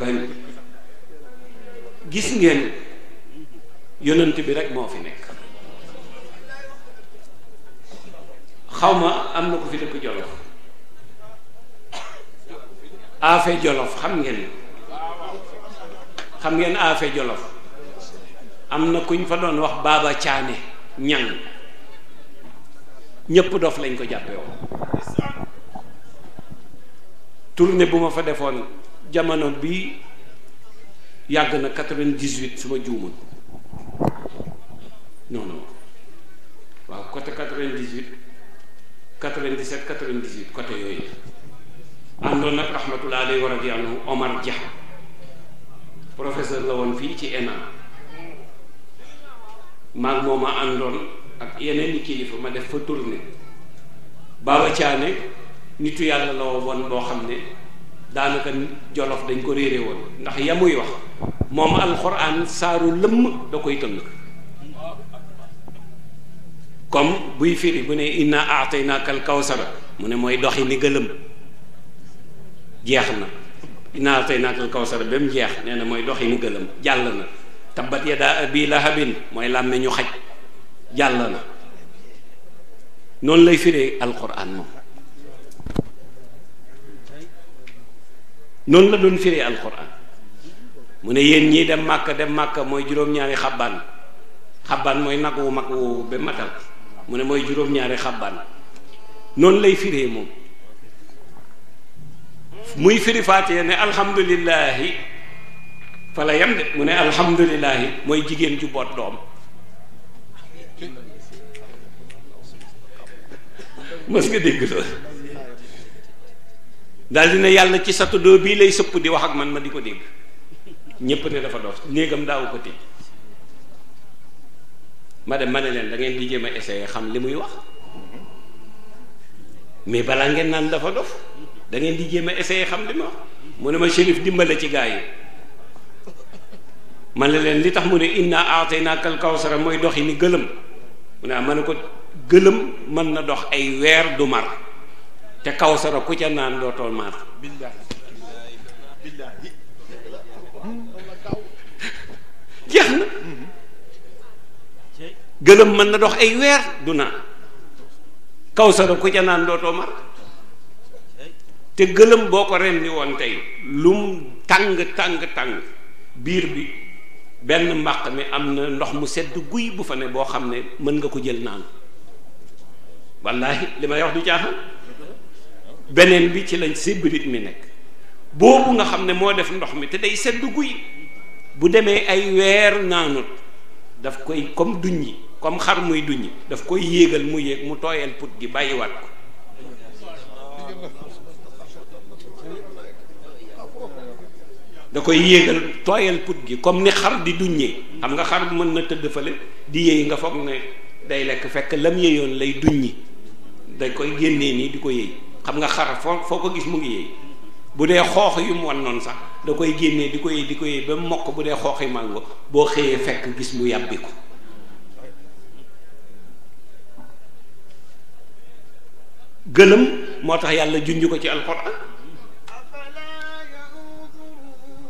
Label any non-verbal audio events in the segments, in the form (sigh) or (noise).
kañ gis ngeen yonant bi rek moo fi nekk xaw ma am na ko fi dëkk jolof aafe jolof xam ngeen xam ngeen aafe jolof am na kuñ fa doon wax baaba caane ñang ñépp dof lañ ko jàppe woon tournée bu ma fa defoon jamono bi yàgg na quatre vingt dix su ma juumul non non waaw côté quatre-vingt-dix-huit quatre-vingt-dix-sept quatre vingt dix àndoon nag rahmatullah alayhi Omar Dia professeur la woon fii ci ENA maag moo ma àndoon ak yeneen i kilifa ma def fa tournée Baba Thiané nitu yàlla la woon boo xam ne daanaka jolof dañ ko réere woon ndax yamuy wax moom alxuraan saaru lëmm da koy tënk comme buy firi bu ne inna aataynaaka al kawsara mu ne mooy doxi ni gëlëm jeex na inna aataynaaka al kawsara ba mu jeex nee na mooy doxi ni gëlëm jàll na tabbat yadaa abi lahabin mooy làmme ñu xaj jàll na noonu lay fire alxuraan moom noonu la doon firee alquran mu ne yéen ñii dem màkk dem màkk mooy juróom-ñaari xabbaan xabbaan mooy nag wu mag wu ba matal mu ne mooy juróom-ñaari xabbaan noonu lay firee moom muy firi faatiya ne alhamdulillahi fa la de mu ne alhamdulillahi mooy jigéen ju boot doom mës dégg loolu daal dina yàlla ci sa tuddoo bii lay sëpp di wax ak man ma di ko dégg ñépp ne dafa dof néegam daaw ko tëj ma de ma ne leen da ngeen di jéem a essayer xam li muy wax balaa ngeen naan dafa da ngeen di jéem a essayer xam li muy wax mu ne ma shérif dimbale ci gaa yi man la leen li tax mu ne inna aataynaaka al kawsara mooy dox yi ni gëlëm mu ne ah ma ne ko gëlëm mën na dox ay weer du mar te kaw sara ku ca naan dootoo maar jeex na gëlëm mën na dox ay weer du naan kaw sara ku ca naan dootoo maar te gëlëm boo ko rendi woon tey lum tàng tàng tàng biir bi benn mbaq mi am na ndox mu sedd guy bu fa ne boo xam ne mën nga ko jël naan wallaahi li may wax du caaxaan beneen bi ci lañ sébrit mi nekk boobu nga xam ne moo def ndox mi te day sedd guy bu demee ay weer naanut daf koy comme duñ yi comme xar muy duñ yi daf koy yéegal mu yéeg mu tooyal put gi bàyyiwaat ko da koy yéegal tooyal put gi comme ni xar di duñee xam nga xar mën na tëdd fale di yéey nga foog ne day lekk fekk lam yéeyoon lay duññi dañ koy génnee nii di ko yéey xam nga xar foo foo ko gis mu ngi yéey bu dee xoox yu mu wan sax da koy génnee di koy di koy ba mokk bu dee xooxi màngo boo xëyee fekk gis mu yàbbi ko gëlëm moo tax yàlla junj ko ci alxuraan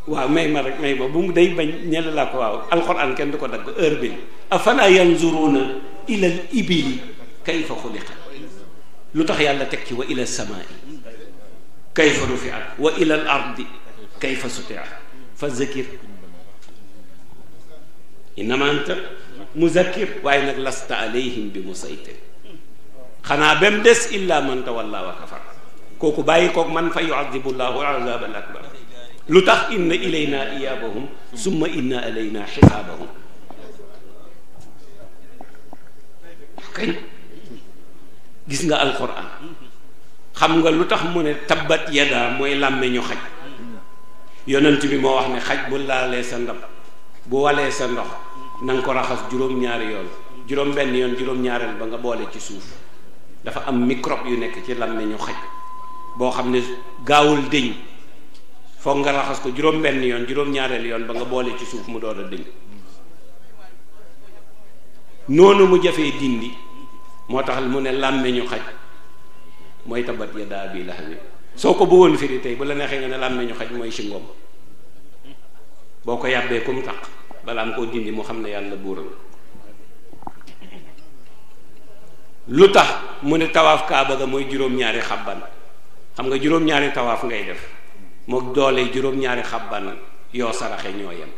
waaw may ma rek may ma bu mu day bañ ñel laa ko waaw alxuraan kenn du ko dagg heure bi afala yanzuruna ilal ibili kayfa xuliqat lu tax yàlla teg ci wa ila samaa'i kayfa rufi'at wa ila al ardi kayfa suti'at fa zakir innama anta muzakkir waaye nag lasta alayhim bi musaytir xanaa ba mu des illa man tawalla wa kafar kooku bàyyi koog man fa yu'adhibu llahu azaban akbar lu tax inna ilayna iyaabahum summa inna alayna xisaabahum kañ gis nga alquran xam nga lu tax mu ne tabbat yadaa mooy ñu xaj yonent bi moo wax ne xaj bu laalee sa ndab bu walee sa ndox na ko raxas juróom-ñaari yoon juróom yoon juróom-ñaareel ba nga boole ci suuf dafa am microbe yu nekk ci làmmiñu xaj boo xam ne gaawul dëñ foog nga raxas ko juróom-benn yoon juróom-ñaareel yoon ba nga boole ci suuf mu door a dëñ noonu mu jafee dindi moo tax mu ne làmmeñu xaj mooy tabat ya daa bii laxam soo ko bëggoon firi tey bu la neexee nga ne làmmeñu xaj mooy si ngoom boo ko yàbbee kum taq balaa mu koo dindi mu xam ne yàlla buural lu tax mu ne tawaaf kaaba ga mooy juróom-ñaari xabban xam nga juróom-ñaari tawaaf ngay def mook doole juróom-ñaari xabban yoo saraxe ñoo yem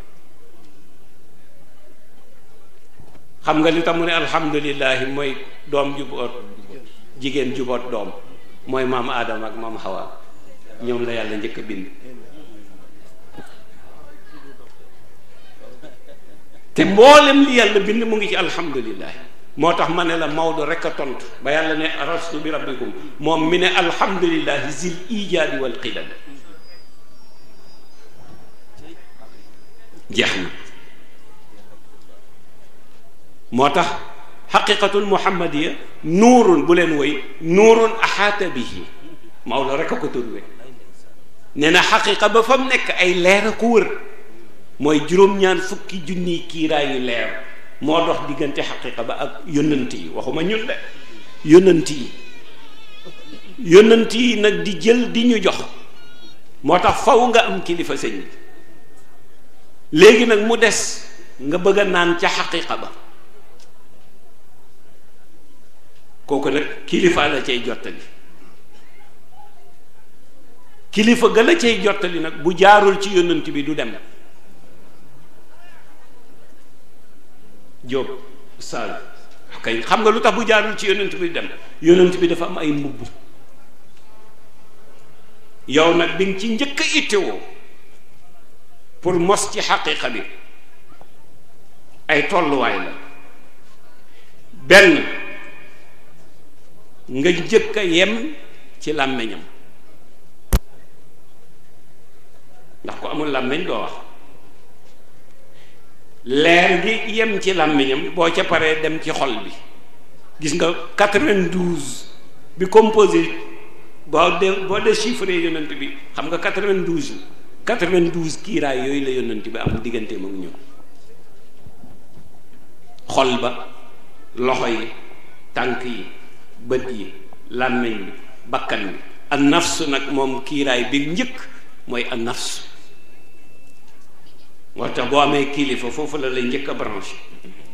xam nga li tax mu ne alhamdulilahi mooy doom juboot jigéen juboot doom mooy maam aadama ak maam hawa ñoom la yàlla njëkk a bind te mboolem li yàlla bind mu ngi ci alhamdulilah moo tax ma ne la Maodo rekk a tontu ba yàlla ne arastu bi rabbikum moom mi ne alhamdulilah zil ijaadi wal qidam jeex na moo tax xaqiqatul muhammadiya nuurun bu leen woy nuurun axaata bihi Maodo rek a ko turwe nee na xaqiqa ba fa mu nekk ay leer a ko wër mooy juróom-ñaan fukki junniy kiiraayu leer moo dox diggante xaqiqa ba ak yónnant yi waxuma ñun de yónnant yi yónnant yi nag di jël di ñu jox moo tax faw nga am kilifa sëñ bi léegi nag mu des nga bëgg a naan ca xaqiqa ba kooku nag kilifa la cay jottali kilifa ga la cay jottali nag bu jaarul ci yónnant bi du dem jóob saal kay xam nga lu tax bu jaarul ci yónnant bi du dem yónnant bi dafa am ay mbubb yow nag bi nga ci njëkk a ittewoo pour mos ci xaqiqa bi ay tolluwaay la benn nga njëkk a yem ci làmmiñam ndax ko amul làmmiñ doo wax leer gi yem ci làmmiñam boo ca paree dem ci xol bi gis nga 92 bi composé boo de boo déchiffré yonent bi xam nga 92 yi 92 yooyu la yonent bi am diggante mu ñëw xol ba loxo yi tànk yi bët yi làmmiñ bi bakkan bi ak nafsu nag moom kiiraay bi njëkk mooy ak nafsu moo tax boo amee kilifa foofu la lay njëkk a branché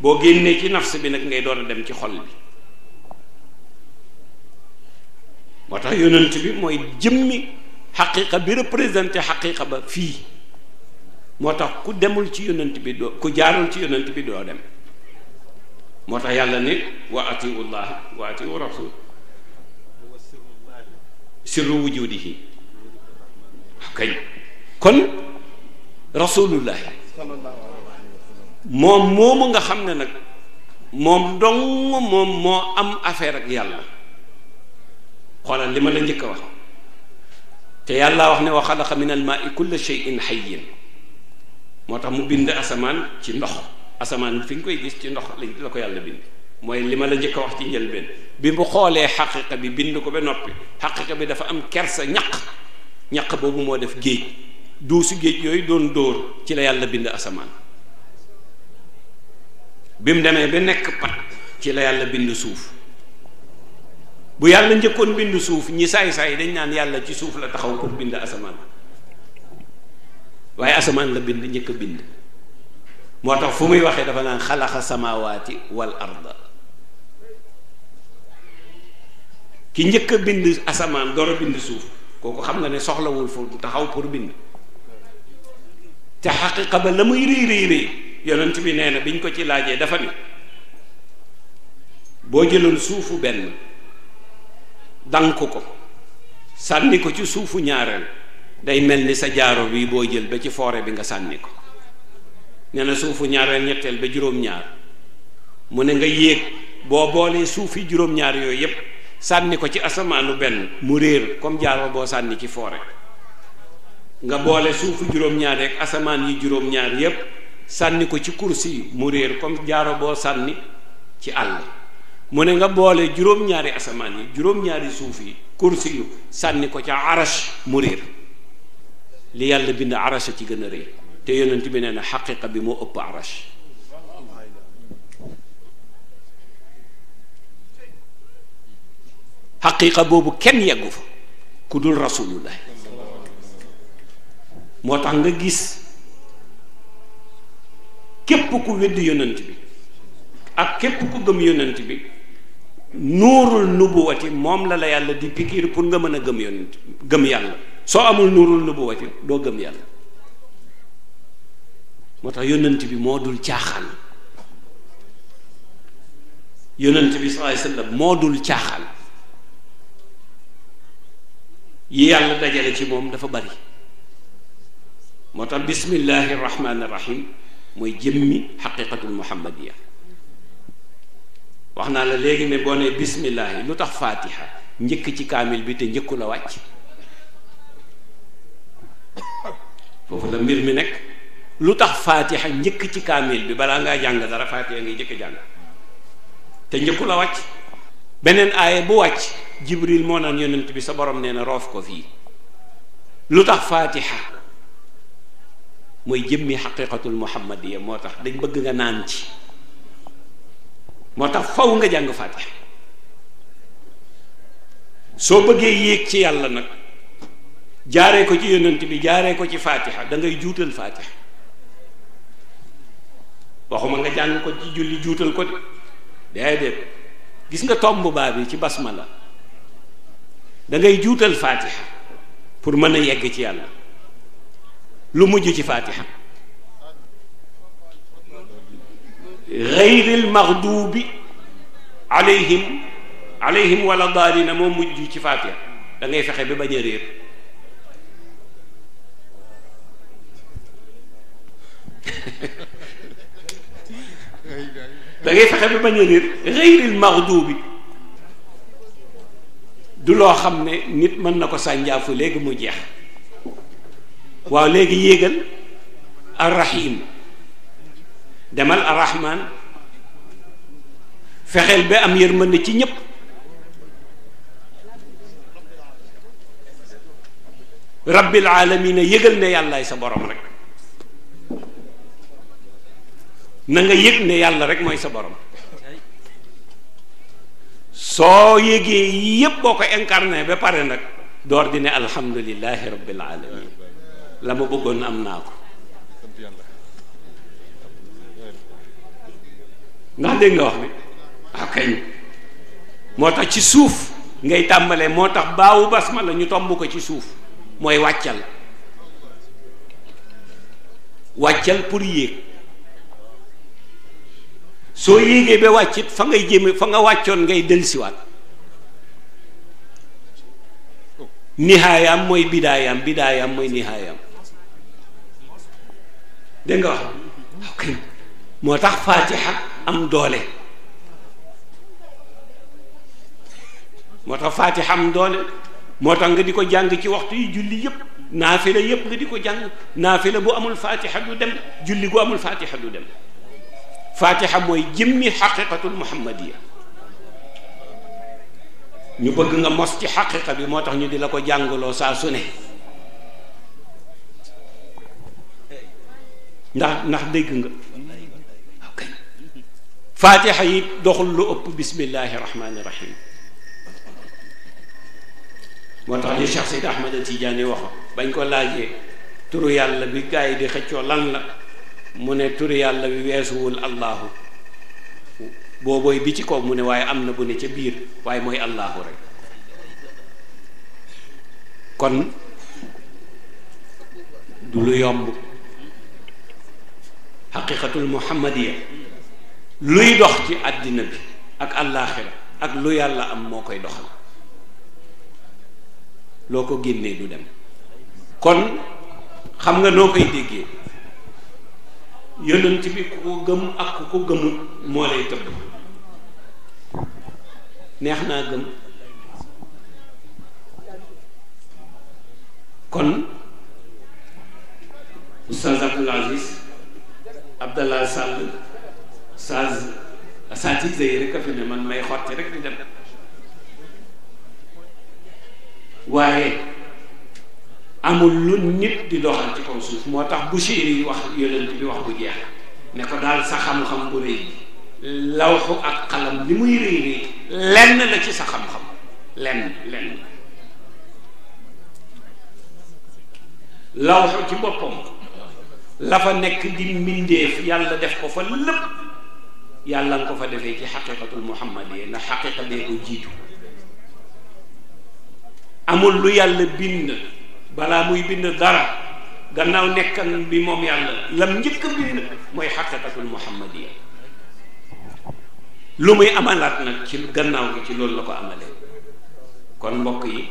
boo génnee ci nafs bi nag ngay door a dem ci xol bi moo tax yonent bi mooy jëmmi xaqiqa bi représenté xaqiqa ba fii moo tax ku demul ci yonent bi doo ku jaarul ci yonent bi doo dem moo tax yàlla ni wa atiu llah wa atiu rasul sirru wujudihi kay kon rasulullahi moom moomu nga xam ne nag moom dong moom moo am affaire ak yàlla xoolal li ma la njëkk a wax te yàlla wax ne wa xalaqa min al maai kulla shay'in moo tax mu bind asamaan ci ndox asamaan fi nga koy gis ci ndox la ko yàlla bind mooy li ma la njëkk a wax ci njëlbeen bi bu xoolee xaqiqa bi bind ko ba noppi xaqiqa bi dafa am kersa ñaq ñaq boobu moo def géej duusi géej yooyu doon dóor ci la yàlla bind asamaan bi mu demee ba nekk pat ci la yàlla bind suuf bu yàlla njëkkoon bind suuf ñi saay-saay dañ naan yàlla ci suuf la taxaw pour bind asamaan waaye asamaan la bind njëkk a bind moo tax fu muy waxee dafa naan xalaqa samaawaati wal arda ki njëkk a bind asamaan door bind suuf kooku xam nga ne soxlawul fu taxaw pour bind te xaqiqa ba la muy rëy rëy rëy bi nee na biñ ko ci laajee dafa ne boo jëloon suufu benn dank ko sànni ko ci suufu ñaareel day mel ni sa jaaro bii boo jël ba ci foore bi nga sànni ko nee na suufu ñaareel ñetteel ba juróom-ñaar mu ne nga yéeg boo boolee suufi juróom-ñaar yooyu yépp sànni ko ci asamaanu benn mu réer comme jaaro boo sànni ci foore nga boole suufu juróom asamaan yi juróom-ñaar sànni ko ci kursi mu réer comme jaaro boo sànni ci àll mu ne nga boole juróom-ñaari asamaan yi juróom-ñaari suuf yi kursi yu sànni ko ca arash mu réer li yàlla bind arash ci gën a réer te yonent bi nee na xaqiqa bi moo ëpp arash xaqiqa boobu kenn yeggu fa ku dul rasulullah moo tax nga gis képp ku wedd yonent bi ak képp ku gëm yonent bi nuurul nubuwati moom la la yàlla di pikiir pour nga mën a gëm yonent gëm yàlla soo amul nuurul nubuwati doo gëm yàlla moo tax yonent bi moo dul caaxaan yonent bi sallallahu alayhi wasallam moo dul caaxaan yi yàlla dajale ci moom dafa bari moo tax bismillahi rahmaani rahim mooy jëmmi xaqiqatul muhammadiya wax naa la léegi ne boo nee bismillahi lu tax faatiha njëkk ci kaamil bi te njëkku la wàcc foofu la mbir mi nekk lu tax faatiha njëkk ci kaamil bi balaa ngaa jàng dara faatiha ngay jëkk jàng te njëkku la wàcc beneen aaya bu wàcc jibril moo naan bi sa borom nee na roof ko fii lu tax faatiha mooy jëmmi xaqiqatul muhammadiya moo tax dañ bëgg nga naan ci moo tax faw nga jàng faatiha soo bëggee yéeg ci yàlla nag jaaree ko ci yonent bi jaaree ko ci faatiha da ngay juutal faatiha waxuma nga jàng ko ci julli juutal ko de déedéet gis nga tomb baa bi ci basmala la dangay juutal faatiha pour mën a yegg ci yàlla lu mujj ci faatiha ghayril maghdubi alayhim alayhim wala daalina moo mujj ci faatiha dangay fexe bi bañ a réer da ngay fexe ba bañ a réer xëyril maxduubi du loo xam ne nit mën na ko sànjaafu léegi mu jeex waaw léegi yéegal arrahim demal arrahman fexeel ba am mën yërmande ci ñépp rabbi rabbil alamina yëgal ne yàllaay sa borom rek na nga yëg ne yàlla rek mooy sa borom soo yéegee yépp boo ko incarné ba pare nag door di ne alhamdulillahi rabbil alamin la ma bëggoon am naa ko ndax dégg wax bi waaw ah, kañ moo tax ci suuf ngay tàmbalee moo tax baawu basma la ñu tomb ko ci suuf mooy wàccal wàccal pour yéeg soo yéegee ba wàccit fa ngay jéeme fa nga wàccoon ngay dellusiwaat nihaayam mooy bidaayam bidaayam mooy nihaayam dégg nga wax moo tax faatiha am doole moo tax faatiha am doole moo tax nga di ko jàng ci waxtu yi julli yépp naafila yépp nga di ko jàng naafila bu amul faatiha du dem julli gu amul faatiha du dem fatiha mooy jëmmi xaqiqatul muhammadiya ñu bëgg nga mos ci xaqiqa bi moo tax ñu di la ko jàngaloo saa su ne ndax ndax dégg nga ok yi doxul lu ëpp bismillahi rahmani rahim moo tax li Cheikh Seyd tiijaan yi waxo bañ ko laajee turu yàlla bi gaa yi di xëccoo lan la mu ne turi yàlla wi weesuwul allahu boobooy bi ci kaw mu ne waaye am na bu ne ca biir waaye mooy allahu rek kon du lu yomb xaqiqatul muhammadiya luy dox ci àddina bi ak àllaaxira ak lu yàlla am moo koy doxal loo ko génnee du dem kon xam nga noo koy déggee yonent bi ku ko gëm ak ku ko gëmut moo lay tëbb neex naa gëm kon oustaz Abdul Aziz Abdallah Sall sag satise yi rek a fi ne man may xotti rek di dem waaye amul lu nit di doxal ci kaw suuf moo tax bu yi wax yonent bi wax bu jeex ne ko daal sa xam-xam bu rëy lawxu ak xalam li muy rëy rëy lenn la ci sa xam-xam lenn lenn lawxu ci boppam la fa nekk di mbindeef yàlla def ko fa lépp yàlla nga ko fa defee ci xaqiqatul muhammadiya ndax xaqiqa bee ko jiitu amul lu yàlla bind balaa muy bind dara gannaaw nekkan bi moom yàlla lam njëkk a bind mooy xaqiqatul muhammadiya lu muy amalaat nag ci gannaaw gi ci loolu la ko amalee kon mbokk yi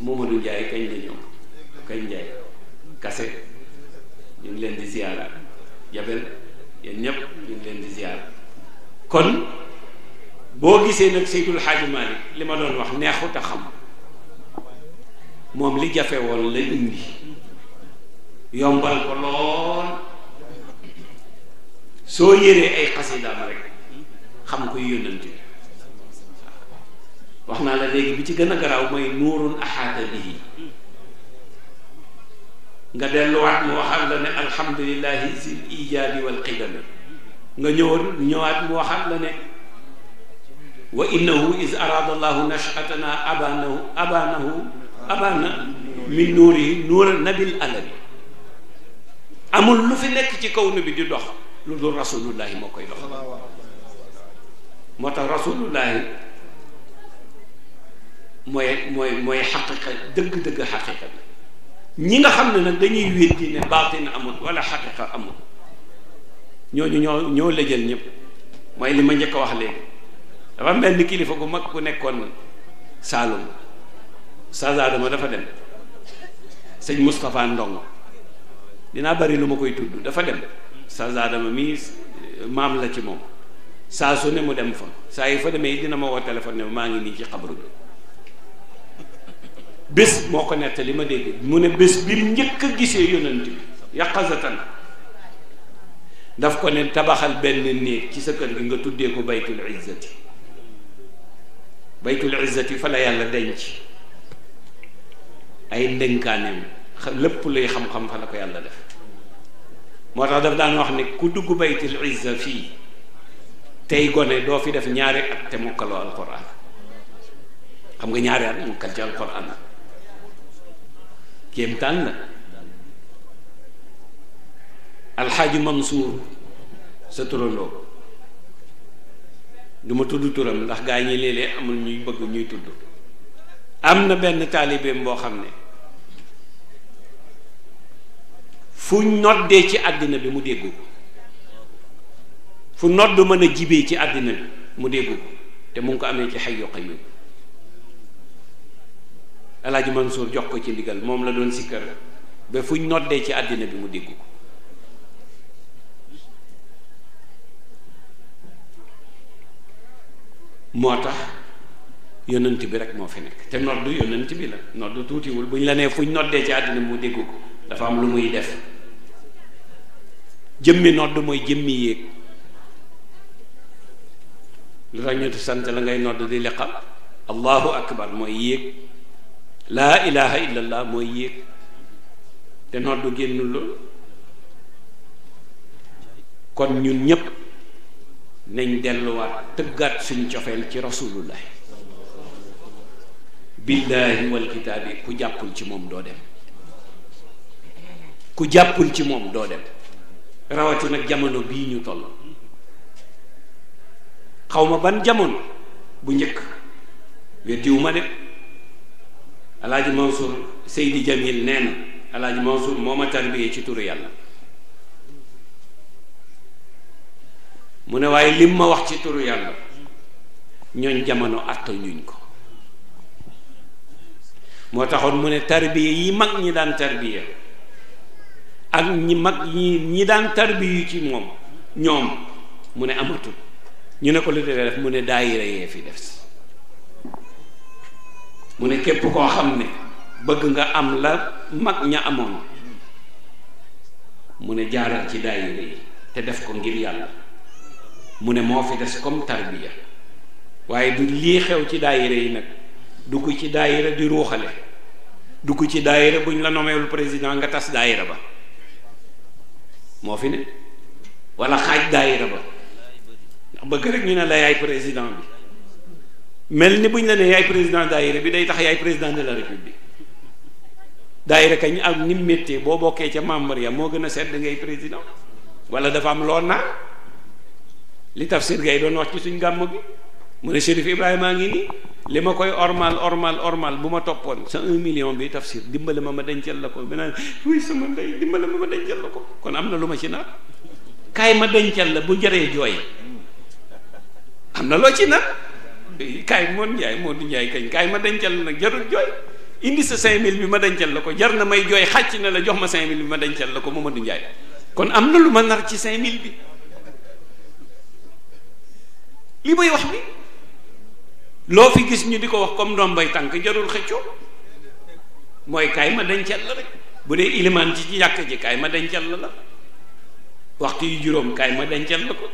Momadou Ndiaye kañ la ñëw kañ Ndiaye kase ñu ngi leen di ziyaara jabel yéen ñëpp ñu leen di ziyaara kon boo gisee nag Seydul Xaaji li ma doon wax neexut a xam moom li jafe woon la indi yombal ko lool soo yéree ay xasidaam rek xam koy yónnante wax naa la léegi bi ci gën a garaaw mooy nuurun ahaata bihi nga delluwaat mu waxaat la ne alhamdulillahi zil ijaabi wal qidami nga ñëwoon ñëwaat mu waxaat la ne wa innahu is araada allahu nashatana abanahu abanahu abaana min nuur yi nuura nabil alami amul lu fi nekk ci kaw na bi di dox lu dul rasulullahi moo koy dox moo tax rasulullahi mooy mooy mooy xaqiqa dëgg-dëgg xaqiqa bi ñi nga xam ne nag dañuy weddi ne baatin amul wala xaqiqa amul ñooñu ñoo ñoo lëjal ñëpp mooy li ma njëkk a wax léegi dafa mel ni kilifa gu mag ku nekkoon Saalum Oustaz Adama dafa dem sëñ Moustapha dinaa bari lu ma koy tudd dafa dem Oustaz Adama mii eh, maam la ci moom saa su ne mu dem fa saa yi fa demee dina ma woo téléphone ne maa ngi nii ci xabru bi bés moo ko li ma dégg mu ne bés bi njëkk a gisee yonent bi yaqazatan daf ko ne tabaxal benn néeg ci sa kër gi nga tuddee ko baytul izzati baytul izzati fa la yàlla denc ay ndënkaaneem lépp luy xam-xam fa la ko yàlla def moo tax daf daan wax ne ku dugg baytil izza fii tey gone doo fi def ñaari at xam nga ñaari at mokkal ci alquran kéemtaan la alxaaji Mansour sa turandoo duma tudd turam ndax gaa ñi léeg amul ñuy bëgg ñuy tudd am na benn taalibeem boo xam ne fu noddee ci àddina bi mu dégg ko fu nodd mën a jibee ci àddina bi mu dégg ko te mu ko amee ci Hayyu Qayyum Alaaji Mansour jox ko ci ndigal moom la doon sikkar ba fu noddee ci àddina bi mu dégg ko moo tax yonent bi rek moo fi nekk te nodd yonent bi la nodd tuutiwul bu ñu la nee fuñ noddee ci àddina mu dégg ko dafa am lu muy def jëmmi nodd mooy jëmmi yéeg lu tax ñu sant la ngay nodd di liqam allahu akbar mooy yéeg laa ilaha illallah mooy yéeg te nodd génnul lool kon ñun ñépp nañ delluwaat tëggaat suñ cofeel ci rasulullah billaahi wal ku jàppul ci moom doo dem ku jàppul ci moom doo dem rawati nag jamono bii ñu toll xaw ma ban jamono bu njëkk weddiwu ma de alaaji Mansour Seydi Jamil nee na alaaji Mansour moo tarbiyee ci turu yàlla mu ne waaye lim ma wax ci turu yàlla ñooñ jamono àtta ñuñ ko moo taxoon mu ne tarbiya yi mag ñi daan tarbiya ak ñi mag ñi ñi daan tarbiyu ci moom ñoom mu ne amatul ñu ne ko lu defee def mu ne daayira yee fi des mu ne képp koo xam ne bëgg nga am la mag ña amoon mu ne jaaral ci daayira yi te def ko ngir yàlla mu ne moo fi des comme tarbiya waaye du lii xew ci daayira yi nag dugg ci daayira di ruuxale dugg ci daayira ñu la nomewul président nga tas daayira ba moo fi ne wala xaaj daayira ba ndax bëgg rek ñu ne la yaay président bi mel ni buñ la ne yaay président daayira bi day tax yaay président de la république daayira kañ ak nim métier boo bokkee ca membre ya moo gën a sedd ngay président wala dafa am loo naa li tafsir gay doon wax ci suñ gàmm gi mu ne Chérif Ibrahima ngi nii li ma koy ormal ormal ormal bu ma toppoon sa un million bi tafsir dimbale ma ma dencal la ko bi naan dimbale ma ma dencal la ko kon am na lu ma ci nar kaay ma dencal la bu jaree jooy am na loo ci nar kaay moon njaay moo du njaay kañ kaay ma dencal nag jarul jooy indi sa cinq mille bi ma dencal la ko jar na may jooy xàcc na la jox ma cinq mille bi ma dencal la ko mooma du njaay kon am na lu ma nar ci cinq mille bi li may wax bi loo fi gis ñu di ko wax comme ndombay tànk jarul xëccoo mooy kaay ma dencal la rek bu dee ilimaan ci yàkk ji kaay ma dencal la la waxtu yu juróom kaay ma dencal la ko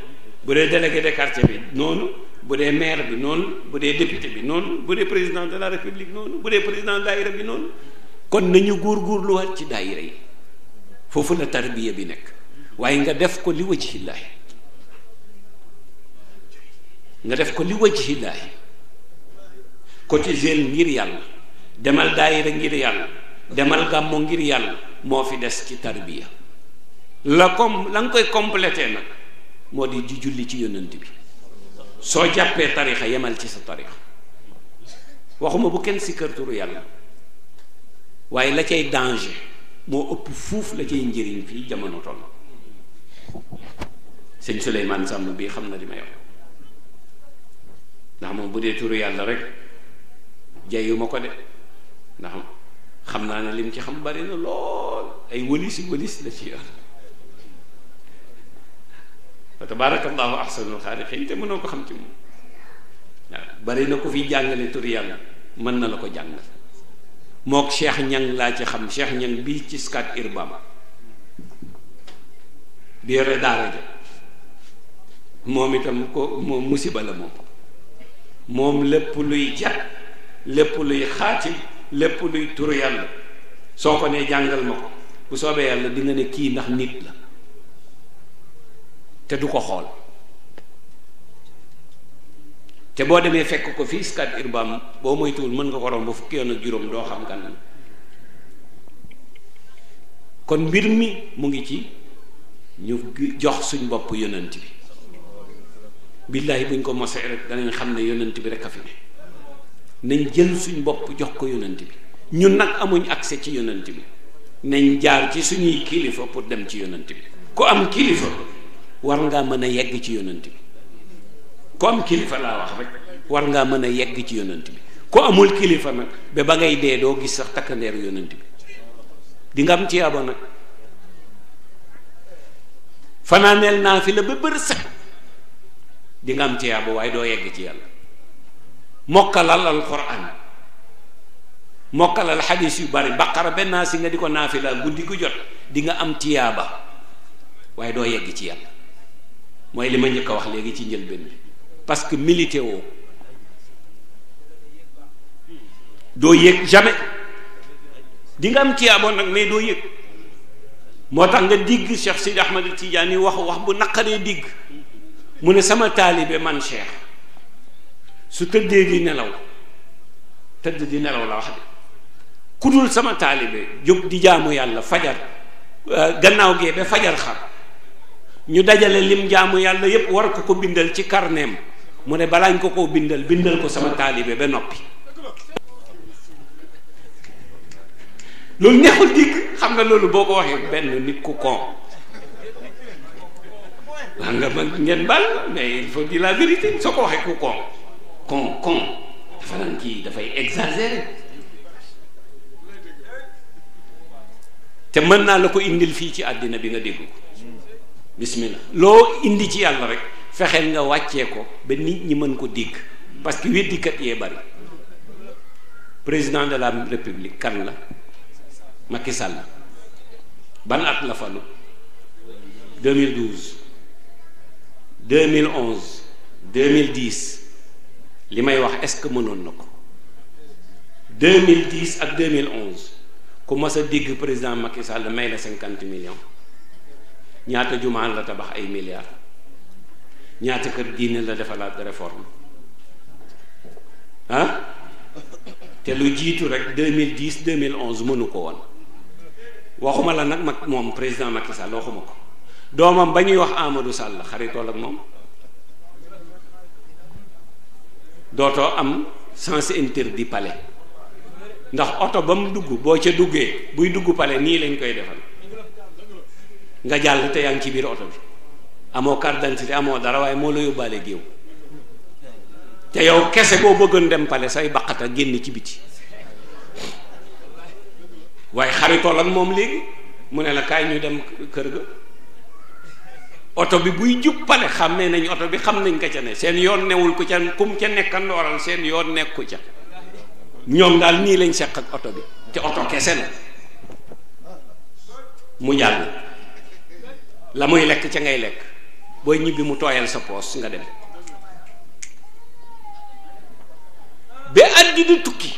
bu dee délégué de quartier bi noonu bu dee maire bi noonu bu dee député bi noonu bu dee président de la république noonu bu dee président daayira bi noonu kon nañu góor lu waat ci daayira yi foofu la tarbiya bi nekk waaye nga def ko li wajhillaahi nga def ko li wajhillaahi cotiser ngir yàlla demal daayira ngir yàlla demal gàmmo ngir yàlla moo fi des ci tarbiya la comme la nga koy complété nag moo di di julli ci yonent bi soo jàppee tarixa yemal ci sa tarixa waxuma bu kenn si kër turu yàlla waaye la cay danger moo ëpp fuuf la cay njëriñ fii jamono toll sëñ Souleymane Samb bii xam na li ma yow ndax moom bu dee turu yàlla rek jayuma ko de ndax xam naa ne lim ci xam bari na lool ay wëlis wëlis la ci yor wa tabarakallahu ko xam bari na ko fi jàngale tur mën na la ko jàngal mook Cheikh ñan laa ci xam Cheikh ñan bii ci skat irbam bi yore daara ja moom itam ko moom musiba la moom moom lépp luy jar lépp luy xaatim lépp luy turu yàlla soo ko nee jàngal ma ko bu soobee yàlla di ne kii ndax nit la te du ko xool te boo demee fekk ko fii skat irbam boo moytuwul mën nga ko ba fukki yoon ak juróom doo xam kan kon mbir mi mu ngi ci ñu jox suñ bopp yonent bi billaahi buñ ko mosee rek danañ xam ne yonent bi rek a fi ne nañ jën suñ bopp jox ko yonent bi ñun nag amuñ accès ci yonent bi nañ jaar ci suñuy kilifa pour dem ci yonent bi ku am kilifa war ngaa mën a yegg ci yonent bi ku am war ngaa mën a yegg ci yonent bi amul kilifa nag ba ba ngay dee doo gis sax takkandeeru yonent bi di am ci aba nag fanaaneel naa fi la ba bër sax di am ci aba waaye doo yegg ci yàlla mokkalal alquran mokkalal xadis yu bari baqara bennaa si nga di ko naafila guddi gu jot di nga am tiyaaba waaye doo yegg ci yàlla mooy li ma njëkk a wax léegi ci njëlbeen bi parce que milité woo doo yëg jamais di am tiyaaboo nag mais doo yëg moo tax nga digg Cheikh Sidi Ahmad Tidiane wax wax bu naqaree digg mu ne sama taalibe man Cheikh su tëddee di nelaw tëdd di nelaw la wax de ku dul sama taalibe jóg di jaamu yàlla fajar euh, gannaaw gee ba fajar xar ñu dajale lim jaamu yàlla yépp war ko ko bindal ci karneem mu ne balaañ ko koo bindal bindal ko sama taalibe ba noppi loolu neexul digg xam nga loolu boo ko waxee benn nit ku kon waa nga ma ngeen bal mais il faut la vérité soo ko waxee ku kon con con dafa naan kii dafay exagéré te mën naa la ko indil fii ci àddina bi nga dégg ko bismillah loo indi ci yàlla rek fexeel nga wàccee ko ba nit ñi mën ko dikk parce que weddikat yee bari président de la république kan la Macky Sall ban at la falu 2012 2011 2010 li may wax est-ce que mënoon na ko 2010 ak 2011 ku mas a digg président Macky Sall may la 50 millions ñaata jumaan la tabax ay milliards ñaata kër diine la defalaat réforme ah te lu jiitu rek mille 2011 mënu ko woon waxuma la nag mag moom président Macky Sall waxuma ko doomam ba ñuy wax Amadou Sall xaritool ak moom. dootoo am sens interdit pale ndax oto ba mu dugg boo ca duggee buy dugg pale nii lañ koy defal nga jàll te yaa ngi ci biir oto bi amoo carte d'identité amoo dara waaye moo la yóbbaale géew te yow kese boo bëggoon dem palais say baqata génn ci biti waaye xaritool ak moom léegi mu ne la kaay ñu dem kër ga oto bi buy jub xam xàmmee nañ oto bi xam nañ ka ca ne seen yoon newul ku ca kum ca nekkandooral seen yoon nekku ca ñoom daal nii lañ seq ak oto bi te oto kese la mu jàll la muy lekk ca ngay lekk booy ñibbi mu tooyal sa poos nga dem ba àddina tukki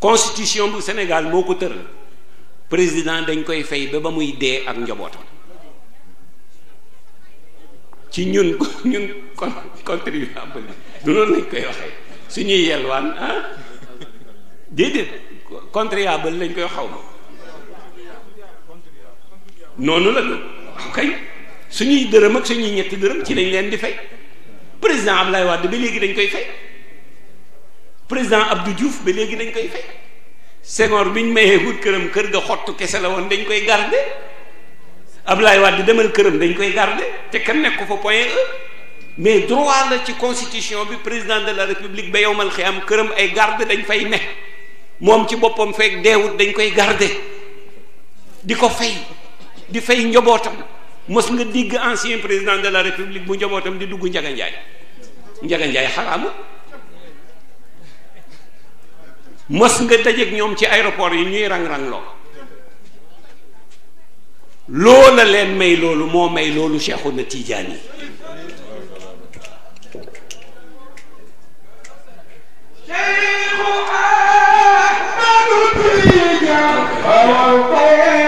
constitution bu Sénégal boo ko tëral président dañ koy fay ba ba muy dee ak njabootam ci ñun ñun con contribuable du noonu lañ koy waxee suñuy yelwaan ah déedéet contribuable lañ koy xaw ma noonu la ñu kay suñuy dërëm ak suñuy ñetti dërëm ci lañ leen di fay président Ablaye Wade ba léegi dañ koy fay président ab du Diouf ba léegi dañ koy fay Senghor biñ mayee wut këram kër ga xottu kese la woon dañ koy garder. Ablaye Wade demal këram dañ koy garder te kenn nekk ko fa point e mais droit la ci constitution bi président de la république ba yowmal am këram ay garde dañ fay ne moom ci boppam fekk deewut dañ koy garde di ko fay di fay njobootam mos nga digg ancien président de la république bu njobootam di dugg Njaga Njaay Njaga Njaay xaraama mos nga dajeeg ñoom ci aéroport yi ñuy rang-rang loo loola leen may loolu moo may loolu Cheikhuna Tidiane yi Cheikhu Ahmadu Tidiane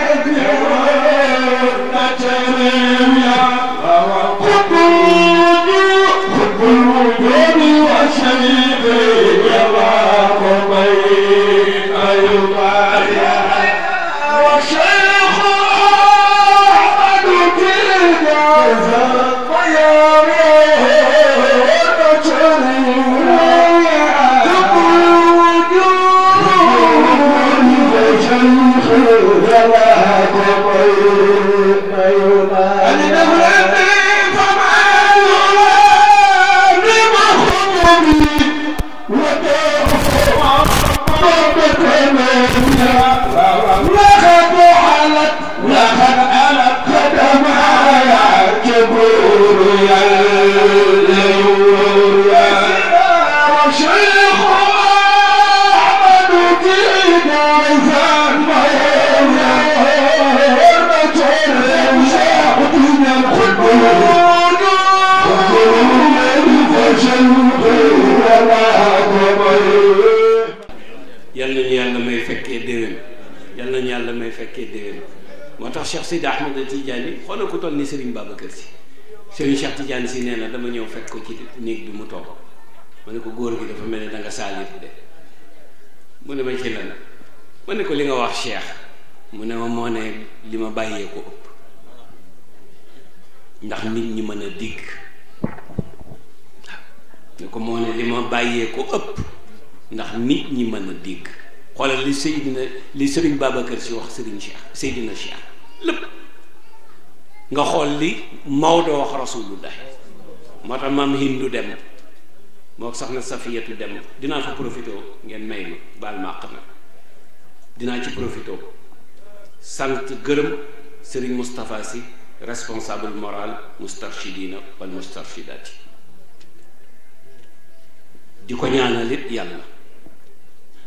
xoolal li Seydina li Serigne Babacar si wax Serigne Cheikh Seydina Cheikh lépp nga xool li Maodo wax rasulullah moo tax maam Hindu dem moo soxna Safiyatu dem dinaa ko profité ngeen may ma baal màq na dinaa ci profité sant gërëm Serigne Moustapha si responsable moral mustarshidina wal mustarshidaati di ko ñaanalit yàlla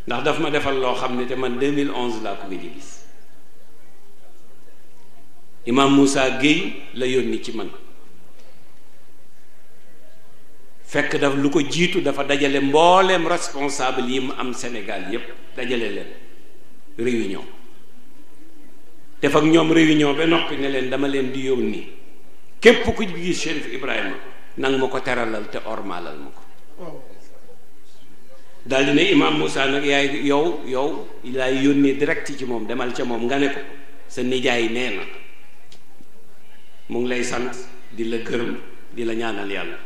ndax daf ma defal loo xam ne te man 2011 laa ko gëj a gis Imam Moussa Guèye la yónni ci man fekk daf lu ko jiitu dafa dajale mbooleem responsable yi mu am senegal yépp dajale leen réunion def ak ñoom réunion ba noppi ne leen dama leen di yónni képp ku gis Chérif Ibrahima nang ma ko teralal te ormalal ma ko daal di ne imaam Moussa nag yaay yow yow laay yónnee direct ci moom demal ca moom nga ne ko sa nijaay nee na mu ngi lay sant di la gërëm di la ñaanal yàlla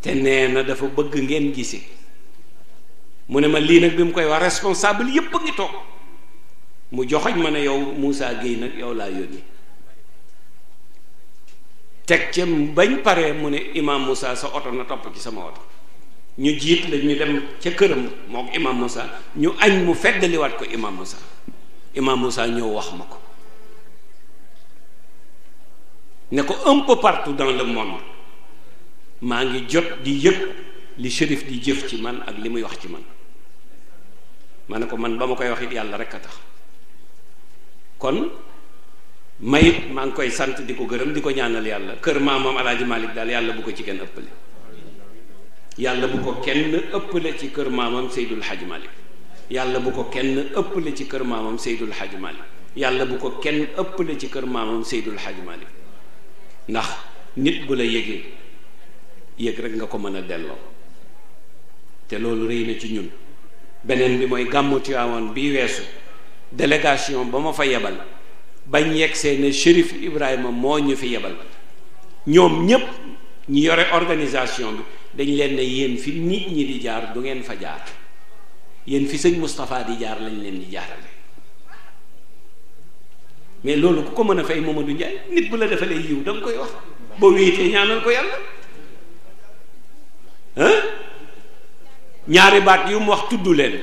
te nee na dafa bëgg ngeen gise mu ne ma lii nag bi mu koy wax responsable yépp a ngi toog mu joxoñ ma ne yow Moussa Guèye nag yow laa yónnee teg ca bañ paree mu ne imaam Moussa sa oto na topp ci sama oto ñu jiit la ñu dem ca këram moom imam Moussa ñu añ mu feddaliwaat ko imam Moussa imam Moussa ñëw wax ma ko ne ko un peu partout dans le monde maa ngi jot di yëg li shérif di jëf ci man ak li muy wax ci man ma ne ko man ba ma koy wax it yàlla rek a tax kon mayit maa ngi koy sant di ko gërëm di ko ñaanal yàlla kër maamam alaaji Malick daal yàlla bu ko ci kenn ëppale yàlla bu ko kenn ëpp ëppale ci kër maamam Seydul Hadj Malick yàlla bu ko kenn ëppale ci kër maamam Seydul Hadj yàlla bu ko kenn ëppale ci kër maamam Seydul Hadj Malick ndax nit bu la yëgee yéeg rek nga ko mën a delloo te loolu rëy na ci ñun beneen bi mooy gàmmu Tiwaawan bii weesu délégation ba ma fa yebal bañ yegsee ne Chérif Ibrahima moo ñu fi yebal ñoom ñépp ñu yore organisation bi dañ leen ne yéen fi nit ñi di jaar du ngeen fa jaar yéen fi sëñ Moustapha di jaar lañ leen di jaarale mais loolu ku ko mën a fay du Ndiaye nit bu la defalee yiw da nga koy wax boo wéetee ñaanal ko yàlla ñaari baat yu mu wax tudd leen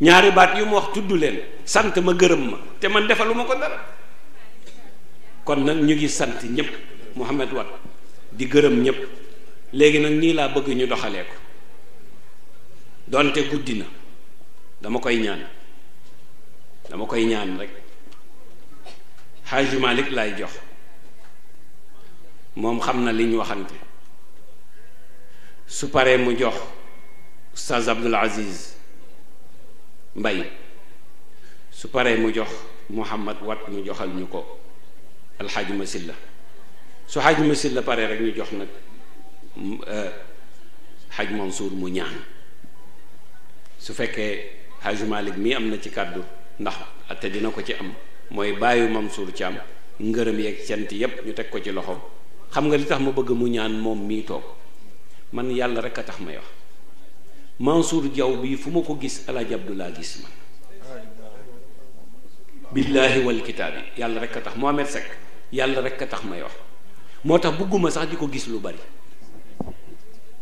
ñaari baat yu wax tudd leen sant ma gërëm ma te man defaluma ko dara kon nag ñu ngi sant ñëpp Mouhamed Wat di gërëm ñëpp. léegi nag nii laa bëgg ñu doxalee ko donte guddi na dama koy ñaan dama koy ñaan rek xaaju Malik laay jox moom xam na li ñu waxante su paree mu jox Oustaz Abdul Aziz Mbay su paree mu jox Muhammad Wat mu joxal ñu ko alxaaj la su xaaj la pare rek ñu jox nag xaj euh, Mansour mu ñaan su fekkee xaju Malik mii am na ci kàddu ndax te dina ko ci am mooy bàyyi Mansour Thiam ngërëm yeeg cant yépp ñu teg ko ci loxoom xam nga li tax ma bëgg mu ñaan moom mii toog man yàlla rek a tax may wax Mansour Diaw bii fu ma ko gis Alaaji Abdulaa gis man billaahi wal kitaabi yàlla rek a tax mu Mohamed Seck yàlla rek a tax may wax moo tax bëgguma sax di ko gis lu bari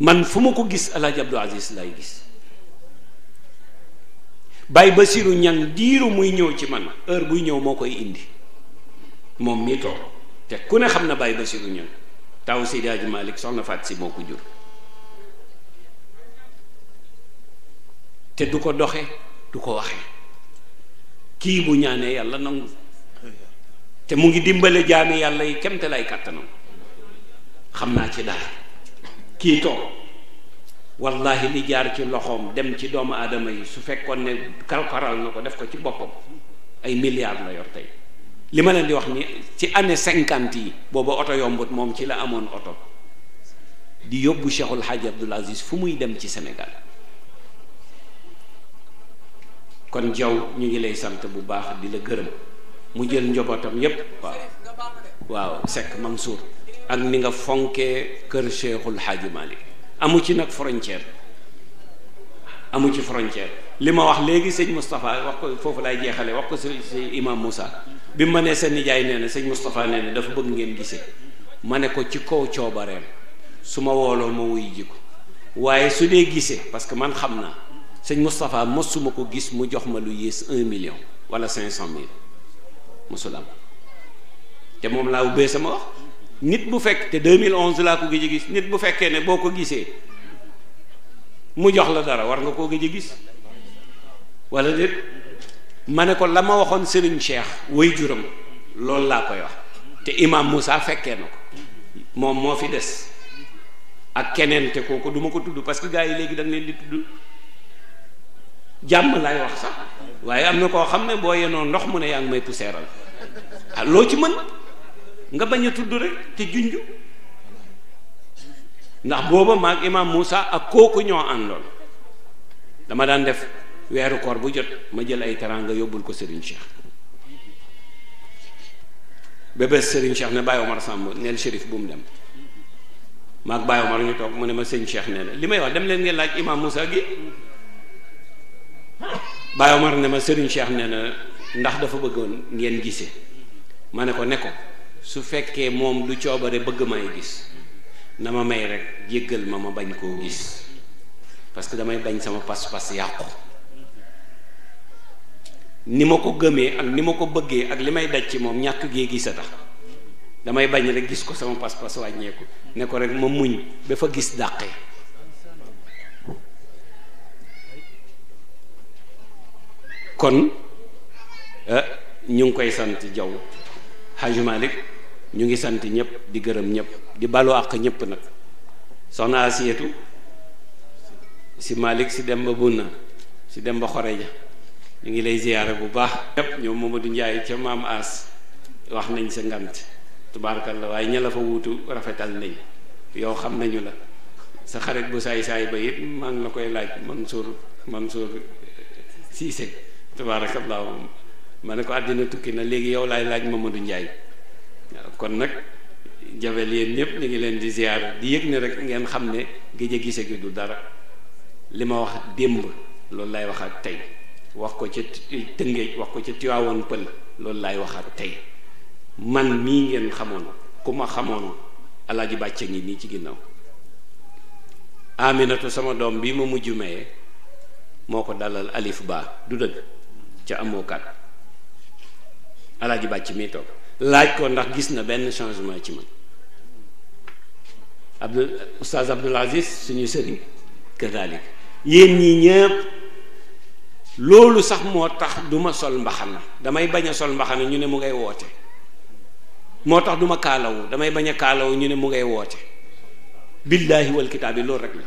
man fu ma ko gis alaaji Abdou Aziz lay gis Baye Basiru ñang diiru muy ñëw ci man heure buy ñëw moo koy indi moom mii te ku ne xam na Baye Basiru ñang taw Seydi Hadji Malick soxna Faat si moo ko jur te du ko doxe du ko waxe kii bu ñaanee yàlla nangu te mu ngi dimbale jaami yàlla yi kemte lay kàttanam xam naa ci daal kii toog wallahi li jaar ci loxoom dem ci doomu aadama yi su fekkoon ne kalkaral na ko def ko ci boppam ay milliards la yor tey li ma leen di wax ni ci année cinquante yi booba oto yombut moom ci la amoon oto di yóbbu Cheikhul Hadji Abdoul Aziz fu muy dem ci senegal kon jaw ñu ngi lay sant bu baax di la gërëm mu jël njobootam yépp waaw waaw Seck Mansour ak ni nga fonkee kër Cheikhul Hadji Malick amu ci nag frontière amu ci frontière li ma wax léegi sëñ Moustapha wax ko foofu laay jeexale wax ko si imam Moussa bi ma ne sa nijaay nee na sëñ Moustapha nee na dafa bëgg ngeen gisee ma ne ko ci kaw coobareem su ma wooloo ma wuy ji ko waaye su dee gisee parce que man xam naa sëñ Moustapha mosuma ko gis mu jox ma lu yées un million wala cinq cent mille mosul am te moom laa ubbee sama wax nit bu fekk te 2011 laa ko gëj a gis nit bu fekkee ne boo ko gisee mu jox la dara war nga koo gëj a gis wala déet ma ne ko la ma waxoon Serigne Cheikh way juram loolu laa koy wax te imam Moussa fekkee na ko moom moo fi des ak keneen te kooku du ma ko tudd parce que gars yi léegi da leen di tudd jàmm laay wax sax waaye am na koo xam ne boo yenoon ndox mu ne yaa ngi may poussièral ah, loo ci mën nga bañ a tudd rek te junj ndax booba maag imam Moussa ak kooku ñoo àndoon dama daan def weeru koor bu jot ma jël ay teraanga yóbbul ko Serigne ba bébés Serigne Cheikh ne Baye Omar Samb neel Chérif bu mu dem maag Baye Omar ñu toog mu ne ma sëñ Cheikh nee na li may wax dem leen ngeen laaj imam Moussa gi Baye Omar ne ma Serigne Cheikh ne na ndax dafa bëggoon ngeen gise ma ne ko ne ko su fekkee moom du coobare bëgg may gis na ma may rek jéggal ma ma bañ koo gis parce que damay bañ sama pas-pas yàqu ni ma ko gëmee ak ni ma ko bëggee ak li may daj ci moom ñàkk gee gis a tax damay bañ rek gis ko sama pas-pas wàññeeku ne ko rek ma muñ ba fa gis dàqee kon eh, ñu ngi koy sant jaww Hadj Malick ñu ngi sant ñëpp di gërëm ñëpp di balu àq ñëpp nag soxna yeetu si Malick si dem ba Bunna si dem ba Xoreja ñu ngi lay ziyaare bu baax ñëpp ñoom Mamadou Ndiaye ca maam As wax nañ sa ngant la waaye ña la fa wuutu rafetal nañ yow xam nañu la sa xarit bu saay-saay ba it maa ngi la koy laaj Mansour Mansour Cissé tubaarkalla ma ne ko àddina tukki na léegi yow laay laaj Mamadou Ndiaye waaw kon nag jabel yéen ñëpp ñu ngi leen di ziar di yëg ne rek ngeen xam ne géej a gise gi du dara li ma wax démb loolu laay waxaat tey wax ko ca wax ko ca Tiwaawoon Pël loolu laay waxaat tey man mii ngeen xamoon ku ma xamoon alaaji bàcce ngi nii ci ginnaaw aminatu sama doom bi ma mujj maye moo ko dalal alif baa du dëgg ca amookat alaaji bàcc mi toog laaj ko ndax gis na benn changement ci man abdul oustaz abdul aziz suñu sëriñ kër daalik yéen ñii ñëpp loolu sax moo tax du ma sol mbaxana damay bañ a sol mbaxana ñu ne mu ngay woote moo tax duma ma kaalawu damay bañ a kaalawu ñu ne mu ngay woote billaahi wal kitaab yi loolu rek la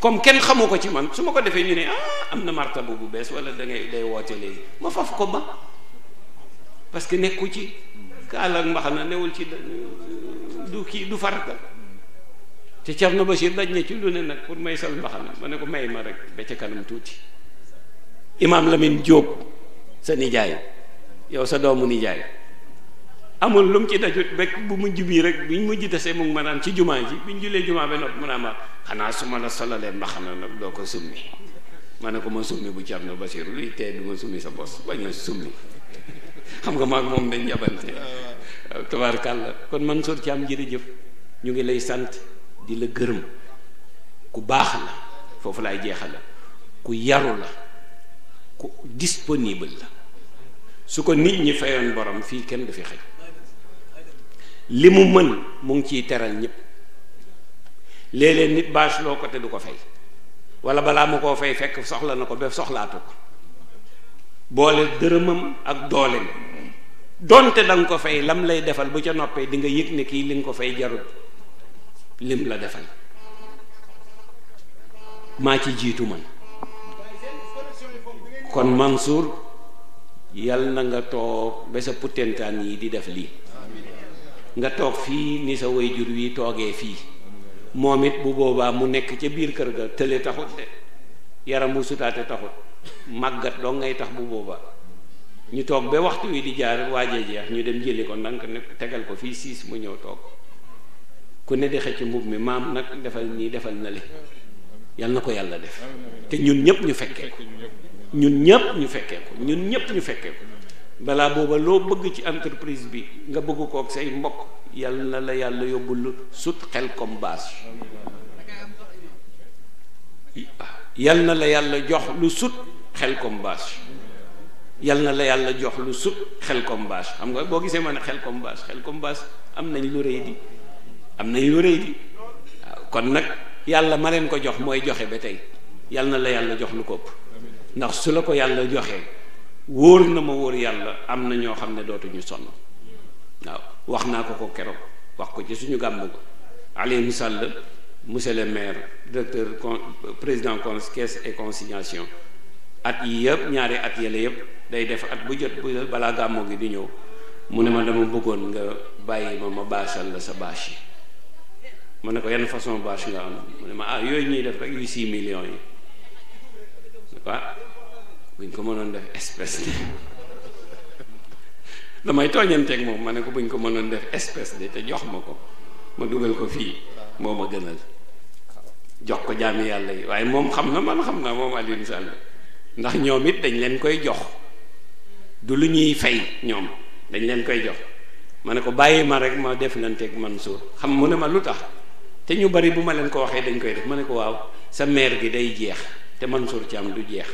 comme kenn xamu ko ci man su ma ko defee ñu ne ah am na martaba bu bees wala dangay day woote léegi ma faf ko ba parce que nekku ci kaala ak mbaxana newul ci du kii du farata te Thierno Bachir dañ ne ci lu ne nag pour may sol mbaxana ma ne ko may ma rek ba kanam tuuti imaam Lamine Diop sa nijaay yow sa doomu nijaay amul lu mu ci dajut bekk bu mujj bii rek biñ mujj tasee mu ngi ma naan ci jumaa ji biñ julee jumaa ba noppi mu naa xanaa su ma la solalee mbaxana nag doo ko summi ma ne ko ma summi bu Thierno Bachir luy tee du ma summi sa bos bañ a summi xam nga maag moom dañ yabante waaw (laughs) tabaarkàlla kon Mansour Thiam jërëjëf ñu ngi lay sant di la gërëm ku baax la foofu laay jeexal la ku yaru la ku disponible la su ko nit ñi fayoon borom fii kenn du fi xëy li mu mën mu ngi ciy teral ñépp léeg-léeg nit baax loo ko te du ko fay wala balaa mu koo fay fekk soxla na ko ba soxlaatu ko boole dërëmam ak dooleem donte danga ko fay lam lay defal bu ca noppee di nga yëg ne kii li nga ko fay jarut lim la defal maa ci jiitu man kon Mansour yal na nga toog ba sa puttentaan yi di def lii nga toog fii ni sa jur wi toogee fii moom it bu boobaa mu nekk ca biir kër ga tële taxut de yaramu sutaate taxut màggat doo ngay tax bu boobaa ñu toog ba waxtu wi di jaar waajee jeex ñu dem jëli ko ndànk ne tegal ko fii siis mu ñëw toog ku ne di xëcc mbubb mi maam nag defal nii defal na li yal na ko yàlla def te ñun ñëpp ñu fekkee ko ñun ñëpp ñu fekkee ko ñun ñëpp ñu fekkee ko balaa booba loo bëgg ci entreprise bi nga bëgg ko ak say mbokk yàlla na la yàlla yóbbul sut xel comme base yàlla na la yàlla jox lu sut xel comme bâche yal na la yàlla jox lu su xel comme bâche xam nga boo gisee ma ne xel comme bâche xel comme bâche am nañ lu rëy di am nañ lu rëy di waaw kon nag yàlla ma leen ko jox mooy joxe ba tey yal na la yàlla jox lu ko ndax su la ko yàlla joxee wóor na ma wóor yàlla am na ñoo xam ne dootuñu sonn waaw wax naa ko ko keroog wax ko ci suñu gàmm ko Alioune Sall monsieur le maire directeur président caisse et consignation at yi yëpp ñaari at yële yëpp day def at bu jot bu balaa gàmmoo gi di ñëw mu ne ma dama bëggoon nga bàyyi ma ma baasal la sa bâche yi mu ne ko yenn façon bâche nga am mu ma ah, yooyu ñuy def rek yu six millions yi ah buñ ko mënoon def espèce de (laughs) damay tooñanteeg moom ma ne ko buñ ko mënoon def espèce de te jox ma ko ma dugal ko fii moo ma gënal jox ko jaami yàlla yi waaye moom xam na man xam naa moom Alioune Sall ndax ñoom it dañ leen koy jox du lu ñuy fay ñoom dañ leen koy jox ma ne ko bàyyi ma rek ma def lanteeg Mansour xam mu ne ma lu tax te ñu bari bu ma leen ko waxee dañ koy def ma ne ko waaw sa maire gi day jeex te Mansour Thiam du jeex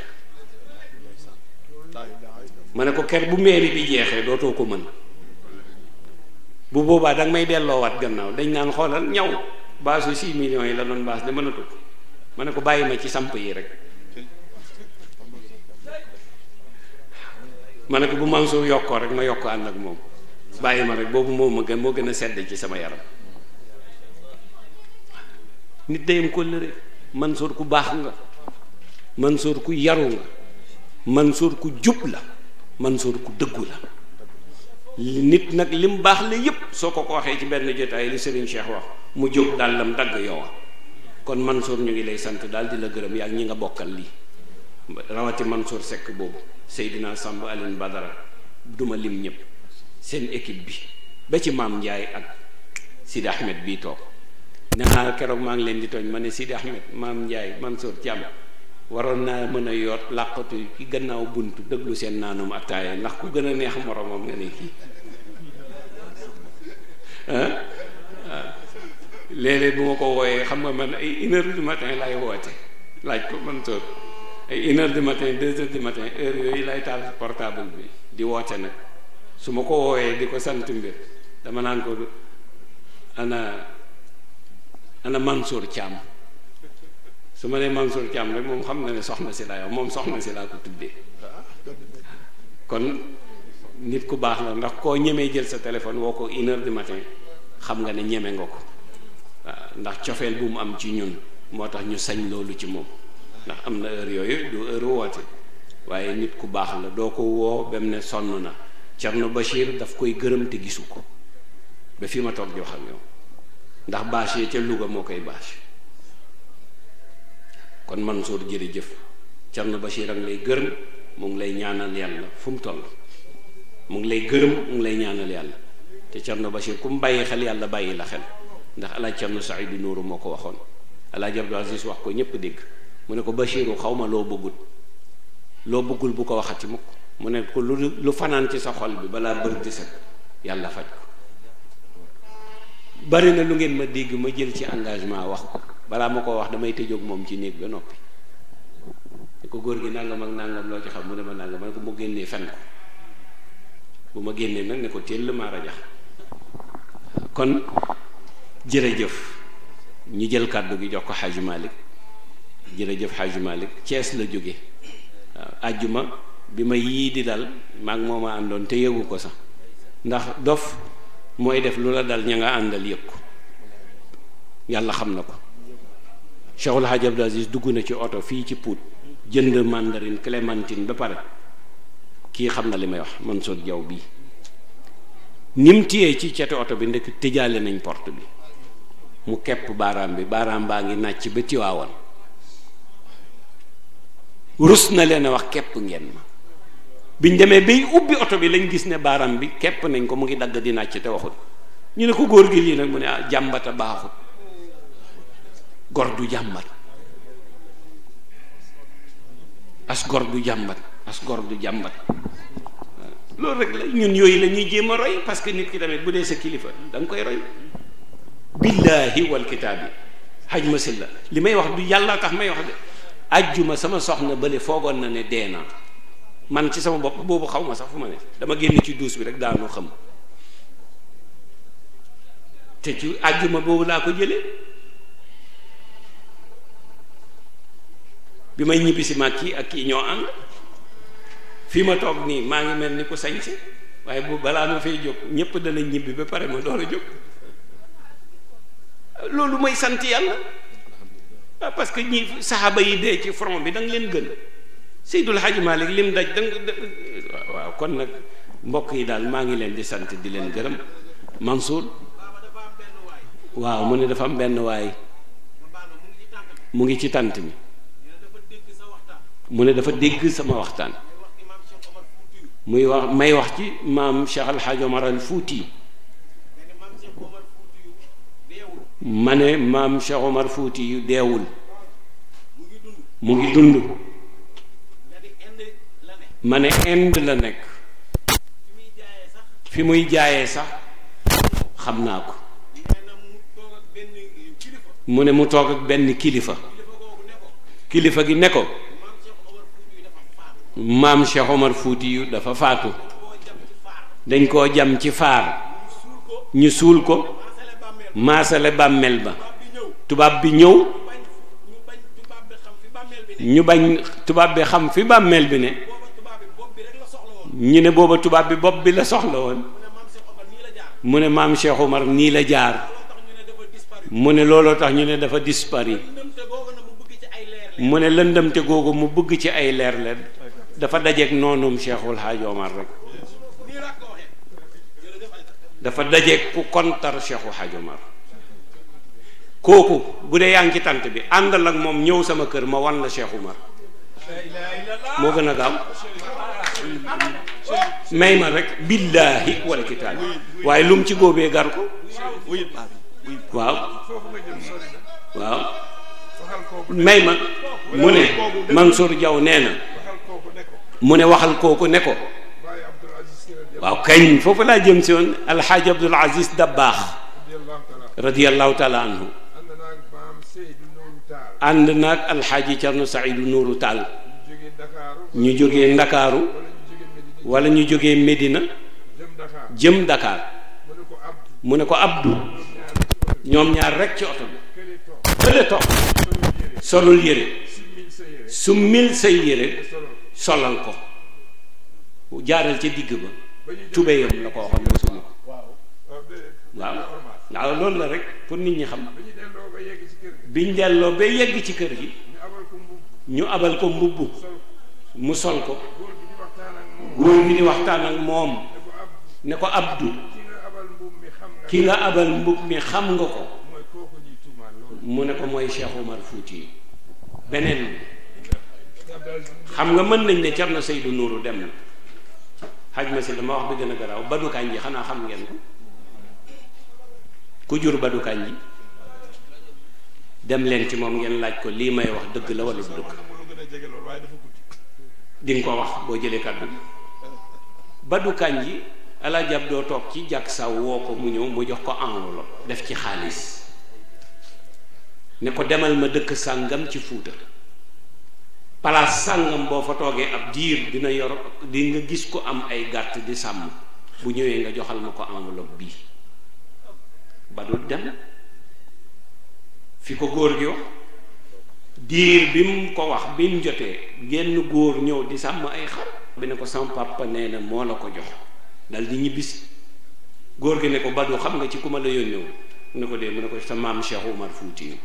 ma ne ko ker bu mairie bi jeexee dootoo ko mën bu boobaa danga may delloowaat gannaaw dañ naan xoolal ñaw baasu 6 millions yi la doon baas de mënatu ko ma ne ko bàyyi ma ci samp yi rek ma ne ko bu Mansour yokkoo rek ma yokk ànd ak moom bàyyi ma rek boobu moom ma gën moo gën a sedd ci sama yaram nit dayam kóllëre Mansour ku baax nga Mansour ku yaru nga Mansour ku jub la Mansour ku dëggu la nit nag li mu baax la yépp soo ko ko waxee ci benn jotaay li Serigne Cheikh wax mu jóg mu dagg yow kon Mansour ñu ngi lay sant daal di la gërëm yaa ñi nga bokkal lii rawati Mansour sekk boobu Seydina Samb Aline Badara duma lim ñëpp seen équipe bi ba ci maam njaay ak Sidi Ahmed bii toog nee naa keroog maa ngi leen di tooñ ma ne Sidi Ahmed maam Ndiaye Mansour jàmm waroon naa mën a yoot làqatu ci gannaaw buntu déglu seen naanum attaaya ndax ku gën a neex moromam nga ne kii léeg bu ma ko wooyee xam nga man ay une heure du matin laay woote laaj ko Mansour ay une heure du matin deux heures du matin heure yooyu lay taal portable bi di woote nag su ma ko woowee di ko sant mbir dama naan ko ana ana Mansour Thiam su ma nee Mansour Thiam rek moom xam nga ne soxna si laa yow moom soxna si laa ko tuddee kon nit ku baax la ndax koo ñemee jël sa téléphone woo ko une heure matin xam nga ne ñeme nga ko waaw ndax cofeel bu mu am ci ñun moo tax ñu sañ loolu ci moom ndax am na heure yooyu du heure woote waaye nit ku baax la doo ko woo ba mu ne sonn na Cerno Bachir daf koy gërëm te gisu ko ba fi ma toog di wax ndax bâche yi ca Louga moo koy bâche kon man Mansour jërëjëf Cerno Bachir ak lay gërëm mu ngi lay ñaanal yàlla fu mu toll mu ngi lay gërëm mu ngi lay ñaanal yàlla te Cerno Bachir ku mu bàyyi xel yàlla bàyyi la xel ndax alaaj yi Saïdu Nuuru moo ko waxoon alaaj Abdou Aziz wax ko ñépp dégg mu ne ko Bachiru xaw ma loo bëggul loo buggul bu ko waxati mukk mu ne ko lu lu fanaan ci sa xol bi balaa bër di sëkk yàlla faj ko bari na lu ngeen ma dégg ma jël ci engagement wax ko balaa ma ko wax damay tëjoog moom ci néeg ba noppi ne ko góor gi nangam ak nangam loo ci xam mu ne ma nangam ma ne ko mu génnee fen ko bu ma génnee nag ne ko teel la maa rajax kon jërëjëf ñu jël kàddu gi jox ko Xaaju jërëjëf Hadj Malick cees la jóge waaw ajjuma bi ma yii di dal maag moo ma àndoon te yëgu ko sax ndax dof mooy def lu la dal ña nga àndal yëg ko yàlla xam na ko Cheikhul Hadj Abdou Aziz dugg na ci oto fii ci Pout jënd màndarin clémentine ba pare kii xam na li may wax Mansour Diaw bii ni mu téyee ci ceti oto bi ndekk tëjaale nañ port bi mu kepp baaraam bi baaraam baa ngi nàcc ba tiwaawoon rus na leen a wax kepp ngeen ma biñ demee bay ubbi oto bi lañ gis ne baaram bi kepp nañ ko mu ngi dagg di nàcc te waxut ñu ne ko góor gi lii nag mu ne ah jàmbata baaxut gor du jàmbat as gor du jàmbat as gor du jàmbat loolu rek la ñun yooyu la ñuy jéem a roy parce que nit ki tamit bu dee sa kilifa da koy roy billaahi wal kitaabi haj ma silla li may wax du yàlla tax may wax de ajjuma sama soxna bële foogoon na ne dee na man ci sama bopp boobu xaw ma sax fu ma ne dama génn ci duus bi rek daanu xam te ci ajjuma boobu laa ko jëlee bi may ñibbisi mag kii ak kii ñoo am fii ma toog nii maa ngi mel ni ku sañ waaye bu balaa ma fay jóg ñépp dana ñibbi ba pare ma door a jóg loolu may sant yàlla waaw parce que ñi saxaaba yi dee ci front bi da leen gën Seydul Hadji Malick lim daj danga waaw kon nag mbokk yi daal maa ngi leen di sant di leen gërëm Mansour waaw mu ne dafa am benn waay mu ngi ci tànt bi mu ne dafa dégg sama waxtaan muy wax may wax ci maam Cheikh Al Hadj Omar ma ne maam Cheikh Omar Fuuti yu deewul mu ngi dund ma Inde la nekk fi muy jaayee sax xam naa ko mu ne mu toog ak benn kilifa kilifa gi ne ko maam Cheikh Omar Fuuti yu dafa faatu dañ koo jam ci faar ñu suul ko maasale bàmmeel ba tubaab bi ñëw ñu bañ tubaab bi xam fi bàmmeel bi ne ñu ne booba tubaab bi bopp bi la soxla woon mu ne maam seexu Omar nii la jaar mu ne looloo tax ñu ne dafa disparu mu ne lëndëmte googu mu bëgg ci ay leer leen dafa dajeeg noonum Cheikhul Haaj rek dafa dajeeg ku kontar Cheikhu Hadj Omar kooku bu dee yaa ngi bi àndal ak moom ñëw sama kër ma wan la Cheikh Omar moo gën a gaaw may ma rek billaahi wal waaye lu mu ci góobee gar ko waaw may ma mu ne Mansour jaw nee na mu ne waxal kooku ne ko waaw kañ foofu laa jëm si woon alxaaji abdul aziz dabbaax radiallahu taala anhu ànd naag alxaaji carno saidu nuuru taal ñu jógee ndakaaru wala ñu jóge medina jëm dakaar mu ne ko abdu ñoom ñaar rekk ci oto bi fële toog solul yére su say yére solal ko jaaral ca digg ba tubéyam la ko waxoon mu summi ko waaw waaw loolu la rek pour nit ñi xam biñ delloo ba yegg ci kër gi ñu abal ko mbubb mu sol ko góor gi di waxtaan ak moom ne ko Abdou ki nga abal mbub mi xam nga ko mu ne ko mooy Cheikh Omar Fouti beneen bi xam nga mën nañ ne Thierno Seydou Nourou dem na xaj ma si dama wax bi gën a garaaw badukaan ji xanaa xam ngeen ko ku jur badukaan ji dem leen ci moom ngeen laaj ko lii may wax dëgg la wala du dëgg di ko wax boo jëlee kàddu badukaan ji alaajab doo toog ci jàkk saw woo ko mu ñëw mu jox ko enveloppe def ci xaalis ne ko demal ma dëkk sàngam ci Fuuta palaas sàngam boo fa toogee ab diir dina yor di nga gis ko am ay gàtt di sàmm bu ñëwee nga joxal ma ko enveloppe bii ba dul dem fi ko góor gi wax diir bi mu ko wax bi mu jotee genn góor ñëw di sàmm ay xar bi ne ko sama papa nee na moo la ko jox dal di ñibbisi góor gi ne ko Badou xam nga ci ku ma la yónneewu mu ne ko dee mu ne ko sa maam Cheikh Oumar Foutiyou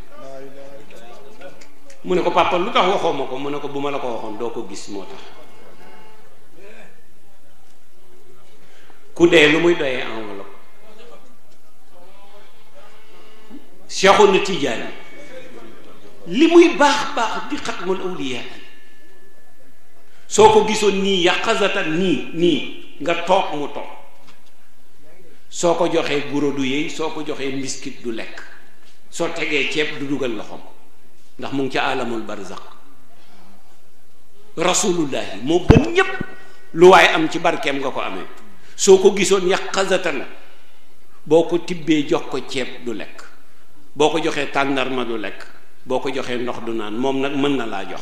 mu ne ko papa lu tax waxoo ma ko mu ne ko bu ma la ko waxoon doo ko gis moo tax ku dee lu muy doyee enveloppe Seexuna Tijaani li muy baax baax di xatmul awliya soo ko gisoon nii yaqazatan nii nii nga toog mu toog soo ko joxee guro du yëy soo ko joxee mbiskit du lekk soo tegee ceeb du dugal loxoom ndax mu ngi ci alamul barzaq rasulullahi moo gën ñépp lu waaye am ci barkeem nga ko amee soo ko gisoon yaqazatan boo ko tibbee jox ko ceeb du lekk boo ko joxee tàndarma du lekk boo ko joxee ndox du naan moom nag mën na laa jox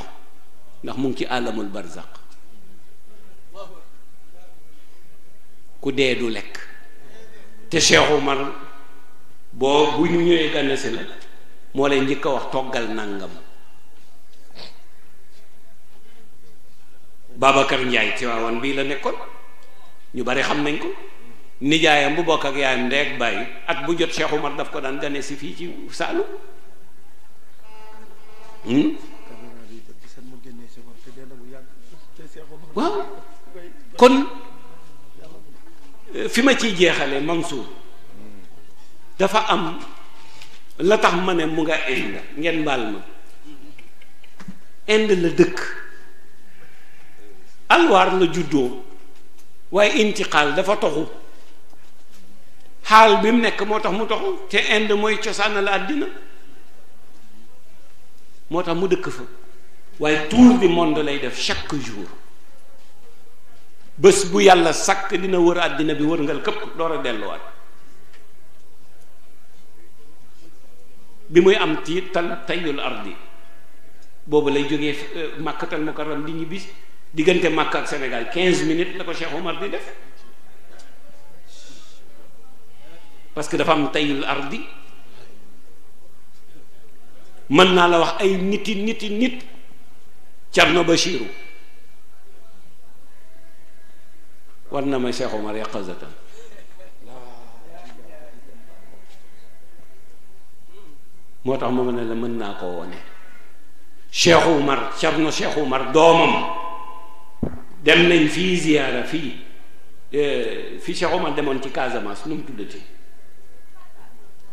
ndax mu ngi ci alamul barzaq ku dee du lekk te Cheikh Umar boo bu ñu ñëwee gànna la moo leen njëkk a wax toggal nangam Babacar Njaay Tiwaawan bii la nekkoon ñu bari xam nañ ko nijaayam bu bokk ak yaayam ak bàyyi at bu jot Cheikh Umar daf ko daan gane si fii ci Saalum hmm? waaw kon fi ma ciy jeexale Mansour dafa am la tax ma ne mu nga Inde ngeen mbaal ma Inde la dëkk alwaar la juddoo waaye intiqaal dafa toxu xaal bi mu nekk moo tax mu toxu te Inde mooy cosaan la àddina moo tax mu dëkk fa waaye tour du monde lay def chaque jour bés bu yàlla sakk dina wër àddina bi wërngal këpp door a delluwaat bi muy am ci tal tayul ardi boobu lay jógee euh, màkkatal mukarram di ñibbis diggante màkk ak Sénégal 15 minutes la ko Cheikh Omar di def parce que dafa am tayul ardi mën naa la wax ay niti niti nit Thierno Bachirou war na ma Cheikh Omar yaqazatan moo tax moom ne la mën naa koo wone Cheikh Umar Cerno Cheikh Umar doomam dem nañ fii ziyaara fii eh, fi Cheikh Umar demoon ci Casamance nu mu tuddati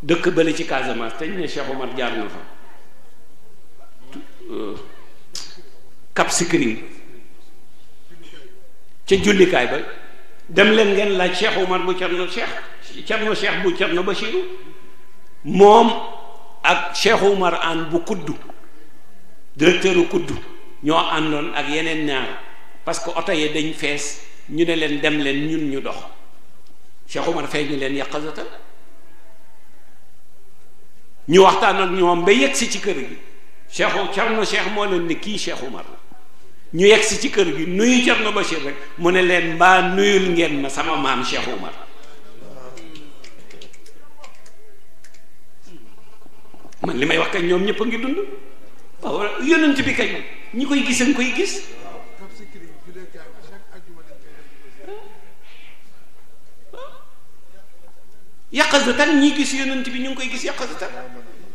dëkk bële ci Casamance te ñu ne Cheikh Umar jaar na fa eh, Cap Skirring ca jullikaay ba dem leen ngeen laaj Cheikh Umar bu Cerno Cheikh Cerno Cheikh bu Cerno Bachiru moom ak Cheikh Oumar Anne bu kuddu directeur u kuddu ñoo àndoon ak yeneen ñaar parce que oto yi dañ fees ñu ne leen dem leen ñun ñu dox Cheikh Oumar fee ñu leen yàqazatal ñu waxtaan ak ñoom ba yegg si ci kër gi Cheikh Thierno Cheikh moo kii Cheikh Oumar ñu yegg si ci kër gi nuyu Thierno Bachir rek mu ne leen mbaa nuyul ngeen ma sama maam Cheikh Oumar man li may wax kay ñoom ñëpp a ngi dund waaw yonent bi kay moom ñi koy gis a ngi koy gis yàqasatan ñi gis yonent bi ñu ngi koy gis yàqasatan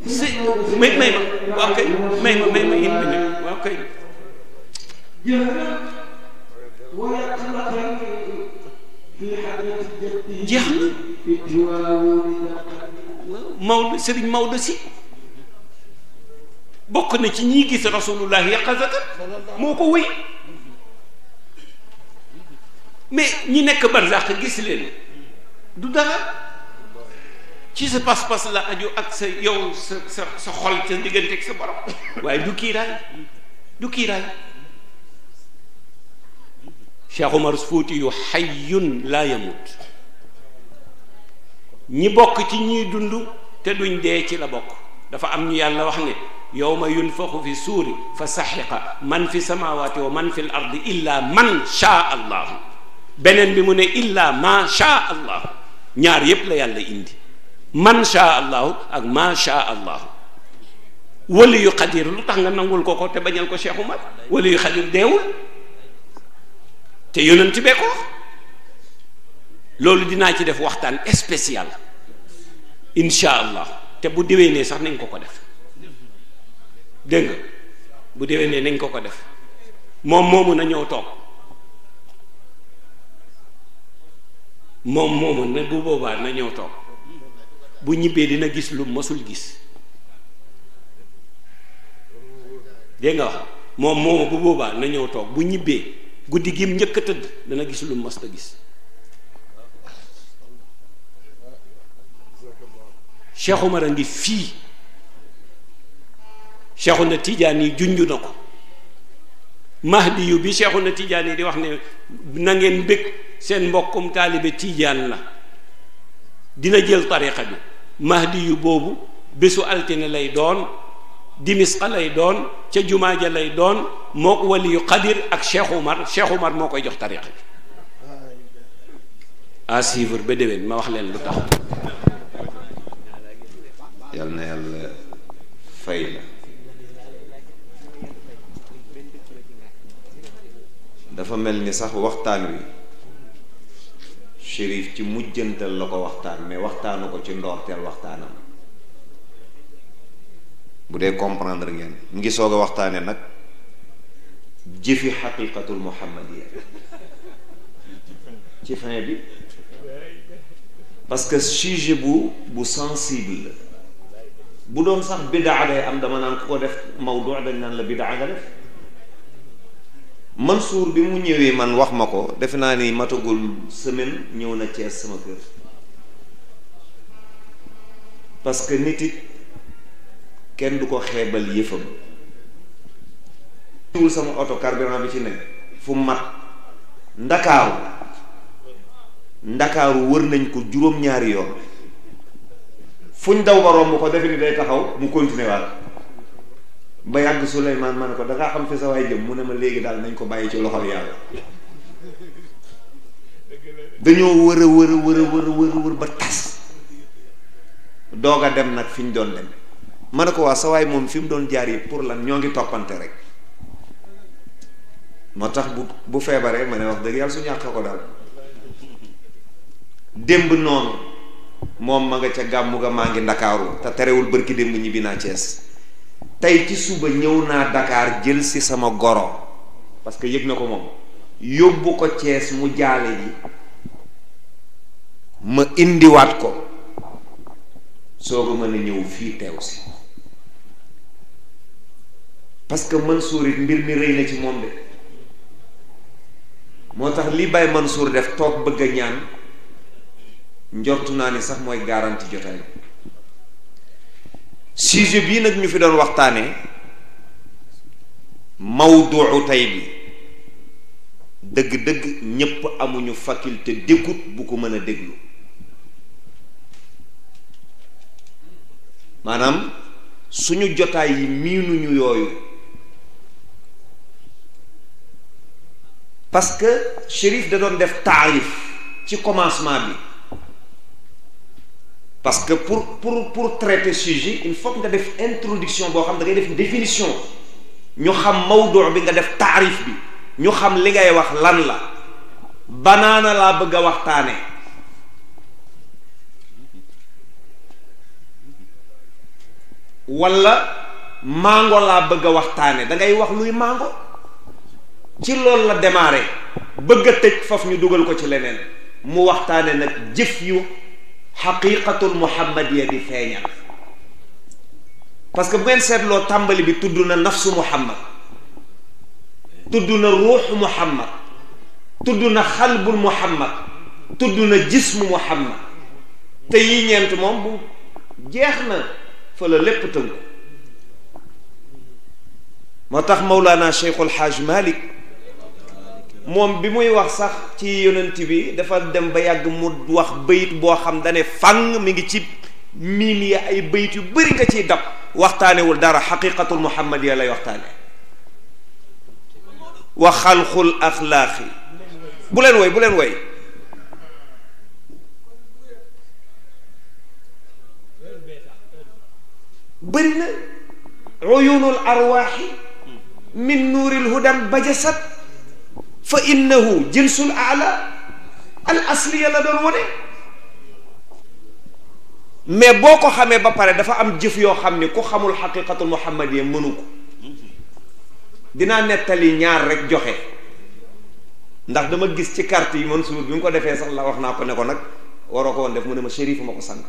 si may may ma waaw kay may ma may ma in bi ne waaw kay jeex na Maodo Serigne Maodo si bokk na ci ñi gis rasulullahi yaqazatan moo ko wéy mais ñi nekk barzaq gis leen du dara ci sa pas-pas la aju ak sa yow sa sa sa xol sa diggante ak sa borom waaye du kiiraay du kiiraay Cheikh Omar Fouti yu xayyun laa yamut ñi bokk ci ñiy dund te duñ dee ci la bokk dafa am ñu yàlla wax ne yawma yunfaxu fi suuri fa saxiqa man fi samawati wa man fi l ardi illa man shaa allahu beneen bi mu ne illa ma shaa allahu ñaar yépp la yàlla indi man shaa allahu ak ma shaa allahu wali yu xadir lu tax nga nangul ko ko te bañal ko Cheikh Umar wali yu xadir deewul te yonent bee ko loolu dinaa ci def waxtaan spécial incha allah te bu déwénee sax nañ ko ko def dégg nga bu déwénee nañ ko ko def moom moomu na ñëw toog moom moomu na bu boobaa na ñëw toog bu ñibbee dina gis lu mësul gis dégg nga boobaa na ñëw toog bu ñibbee guddi gim njëkk a tëdd dana gis lu mës a gis Cheikh Omar a ngi fii Cheikhuna Tijaani junj na ko mahdi yu bi tiijaan yi di wax ne na ngeen bëgg seen mbokkum taalibe tiijaan la dina jël tariqa bi mahdi yu boobu bésu altine lay doon dimisqa lay doon ca jumaa ja lay doon moo ko waliyu Xadir ak Cheikh Umar Cheikh Umar moo koy jox tariqa bi à suivre ba déwén ma wax leen lu tax yal na yàlla fay la dafa mel ni sax waxtaan wi shérif ci mujjantal la ko waxtaan mais waxtaanu ko ci ndoorteel waxtaanam bu dee comprendre ngeen ngi soog a waxtaanee nag jëfi xaqiqatul muhammadiya ci fin bi parce que sujet bu bu sensible bu doon sax bidaa day am dama naan ku ko def mawdu dañ naan la bidaa nga def man Mansour bi mu ñëwee man wax ma ko defe naa ni matagul semaine ñëw na Thiès sama kër parce que nit it kenn du ko xeebal yëfam tuul sama oto carburant bi ci nekk fu mat ndakaaru ndakaaru wër nañ ko juróom-ñaari yoon fuñ daw ba romb ko defe ni day taxaw mu continuer ba yàgg Souleymane ma ne ko da ngaa xam fi sa jëm mu ne ma léegi daal nañ ko bàyyi ci loxol yàlla dañoo wër a wër a wër a wër a ba tas doog a dem nag fi ñu doon dem ma ne ko waa sa waay moom fi mu doon jaar yi pour lan ñoo ngi toppante rek moo tax bu bu feebaree ma ne wax dëgg yàlla su ñàkk ko daal démb noonu moom ma nga ca gàmmu ga maa ngi ndakaaru te terewul bërki démb ñibbi naa Cees tey ci suba ñëw naa dakaar jël si sama goro parce que yëg na ko moom yóbbu ko Cees mu jaale ji ma indiwaat ko sooga mën a ñëw fii teew si parce que Mansour it mbir mi rëy na ci moom de moo tax li Baye Mansour def toog bëgg a ñaan njortu naa ni sax mooy garanti jotaay sujet bii nag ñu fi doon waxtaane mawduu tey bi dëgg-dëgg ñépp amuñu faculté d'écoute bu ko mën a déglu maanaam suñu jotaay yi ñu yooyu parce que shérif da doon def taarif ci commencement bi parce que pour pour pour traité sujet il faut nga def introduction boo xam da ngay def définition ñu xam mawdu bi nga def taarif bi ñu xam li ngay wax lan la banaana laa bëgg a waxtaane walla mango laa bëgg a waxtaane da ngay wax luy mango ci loolu la démarré bëgga a tëj faf ñu dugal ko ci leneen mu waxtaane nag jëf yu xaqiqatul muhammadiya bi feeñal parce que bu ngeen seetloo tàmbali bi tudd na nafsu muhammad tudd na ruuxu muhammad tudd na xalbul muhammad tudd na jismu muhammad te yi ñeent moom jeex na fa la lépp tënku moo tax Mawlana Cheikhul Xaaj Malik moom bi muy wax sax ci yonent bi dafa dem ba yàgg mu wax bayit boo xam dane fang mi ngi ci miim ya ay bayit yu bari nga ciy dab waxtaanewul dara xaqiqatul muhammad ya lay waxtaane wa xalqul axlaaqi bu leen woy bu leen woy bëri na uyunul arwaaxi min nuuril ba bajasat fa innahu jinsul ala al asliya la doon wane mais boo ko xamee ba pare dafa am jëf yoo xam ni ku xamul xaqiqatul muhammadiya mënu ko dinaa nettali ñaar rek joxe ndax dama gis ci carte yi man suur bi mu ko defee sax la wax naa ko ne ko nag waroo ko woon def mu ne ma shérif ma ko sant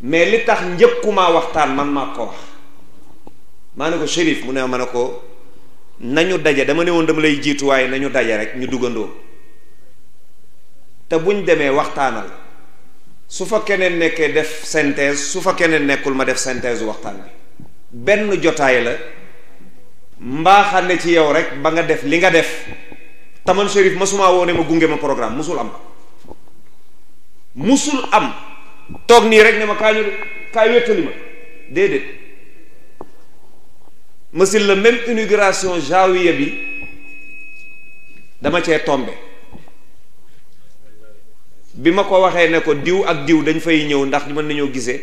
mais li tax njëkkumaa waxtaan man maa ko wax maa ne ko shérif mu ne ma ne ko nañu daje dama ne woon dama lay jiitu waaye nañu daje rek ñu duggandoo te buñ demee waxtaanal su fa keneen nekkee def synthèse su fa keneen nekkul ma def synthèse waxtaan bi benn jotaay la mbaaxaan ne ci yow rek ba nga def li nga def taman Chérif masumaa woone ma gunge ma programme musul am musul am toog nii rek ne ma kaa kaa wéttali ma déedéet masil la même inauguration jawiya bi dama cee tombe bi ma ko waxee ne ko diw ak diw dañ fay ñëw ndax mën nañoo gisee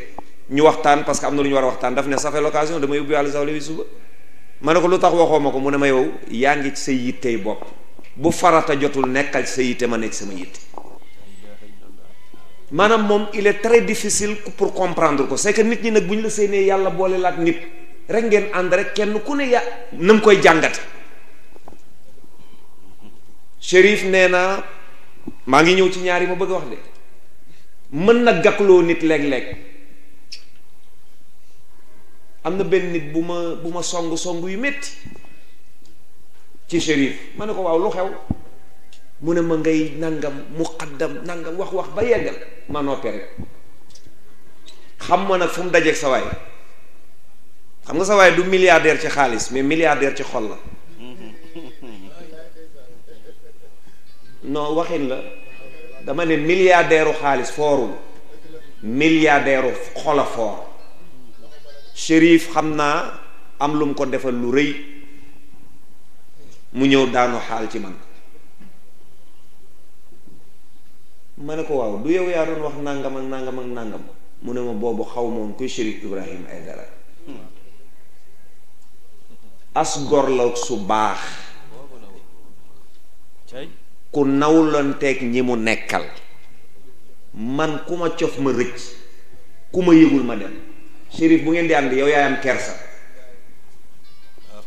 ñu waxtaan parce que am na lu ñu war a waxtaan daf ne ça fait l'occasion damay ubbi wàllu zawle bi suba ma ne ko lu tax waxoo ma ko mu ne ma yow yaa ngi ci sa yittey bopp bu farata jotul nekkal ci sa yitte ma nekk sama yitte maanaam moom il est très difficile pour comprendre ko c'est nit ñi nag bu ñu la séenee yàlla boole laat nit rek ngeen ànd rek kenn ku ne ya na mu koy jàngat shérif nee naa maa ngi ñëw ci ñaar yi ma bëgg a wax de mën na gàkkloo nit léeg lekk am na benn nit bu ma bu ma song song yu metti ci shérif ma ne ko waaw lu xew mu ne ma ngay nangam muqaddam nangam wax wax ba yeggal ma noppee rek xam ma nag fu mu dajeeg sa waay xam nga sa waaye du milliardaire ci xaalis mais milliardaire ci xol la non waxin la dama ne milliardaire u xaalis foorul milliardaire u xol a foor Chérif xam naa am lu mu ko defal lu rëy mu ñëw daanu xaal ci man ma ne ko waaw du yow yaa doon wax nangam ak nangam ak nangam mu ne ma boobu xaw moon kuy Chérif Ibrahim Aïdara as gor la su baax ku nawlanteeg ñi mu nekkal man ku ma cof ma rëcc ku ma yëgul ma dem shérif bu ngeen di ànd yow yaayam kersa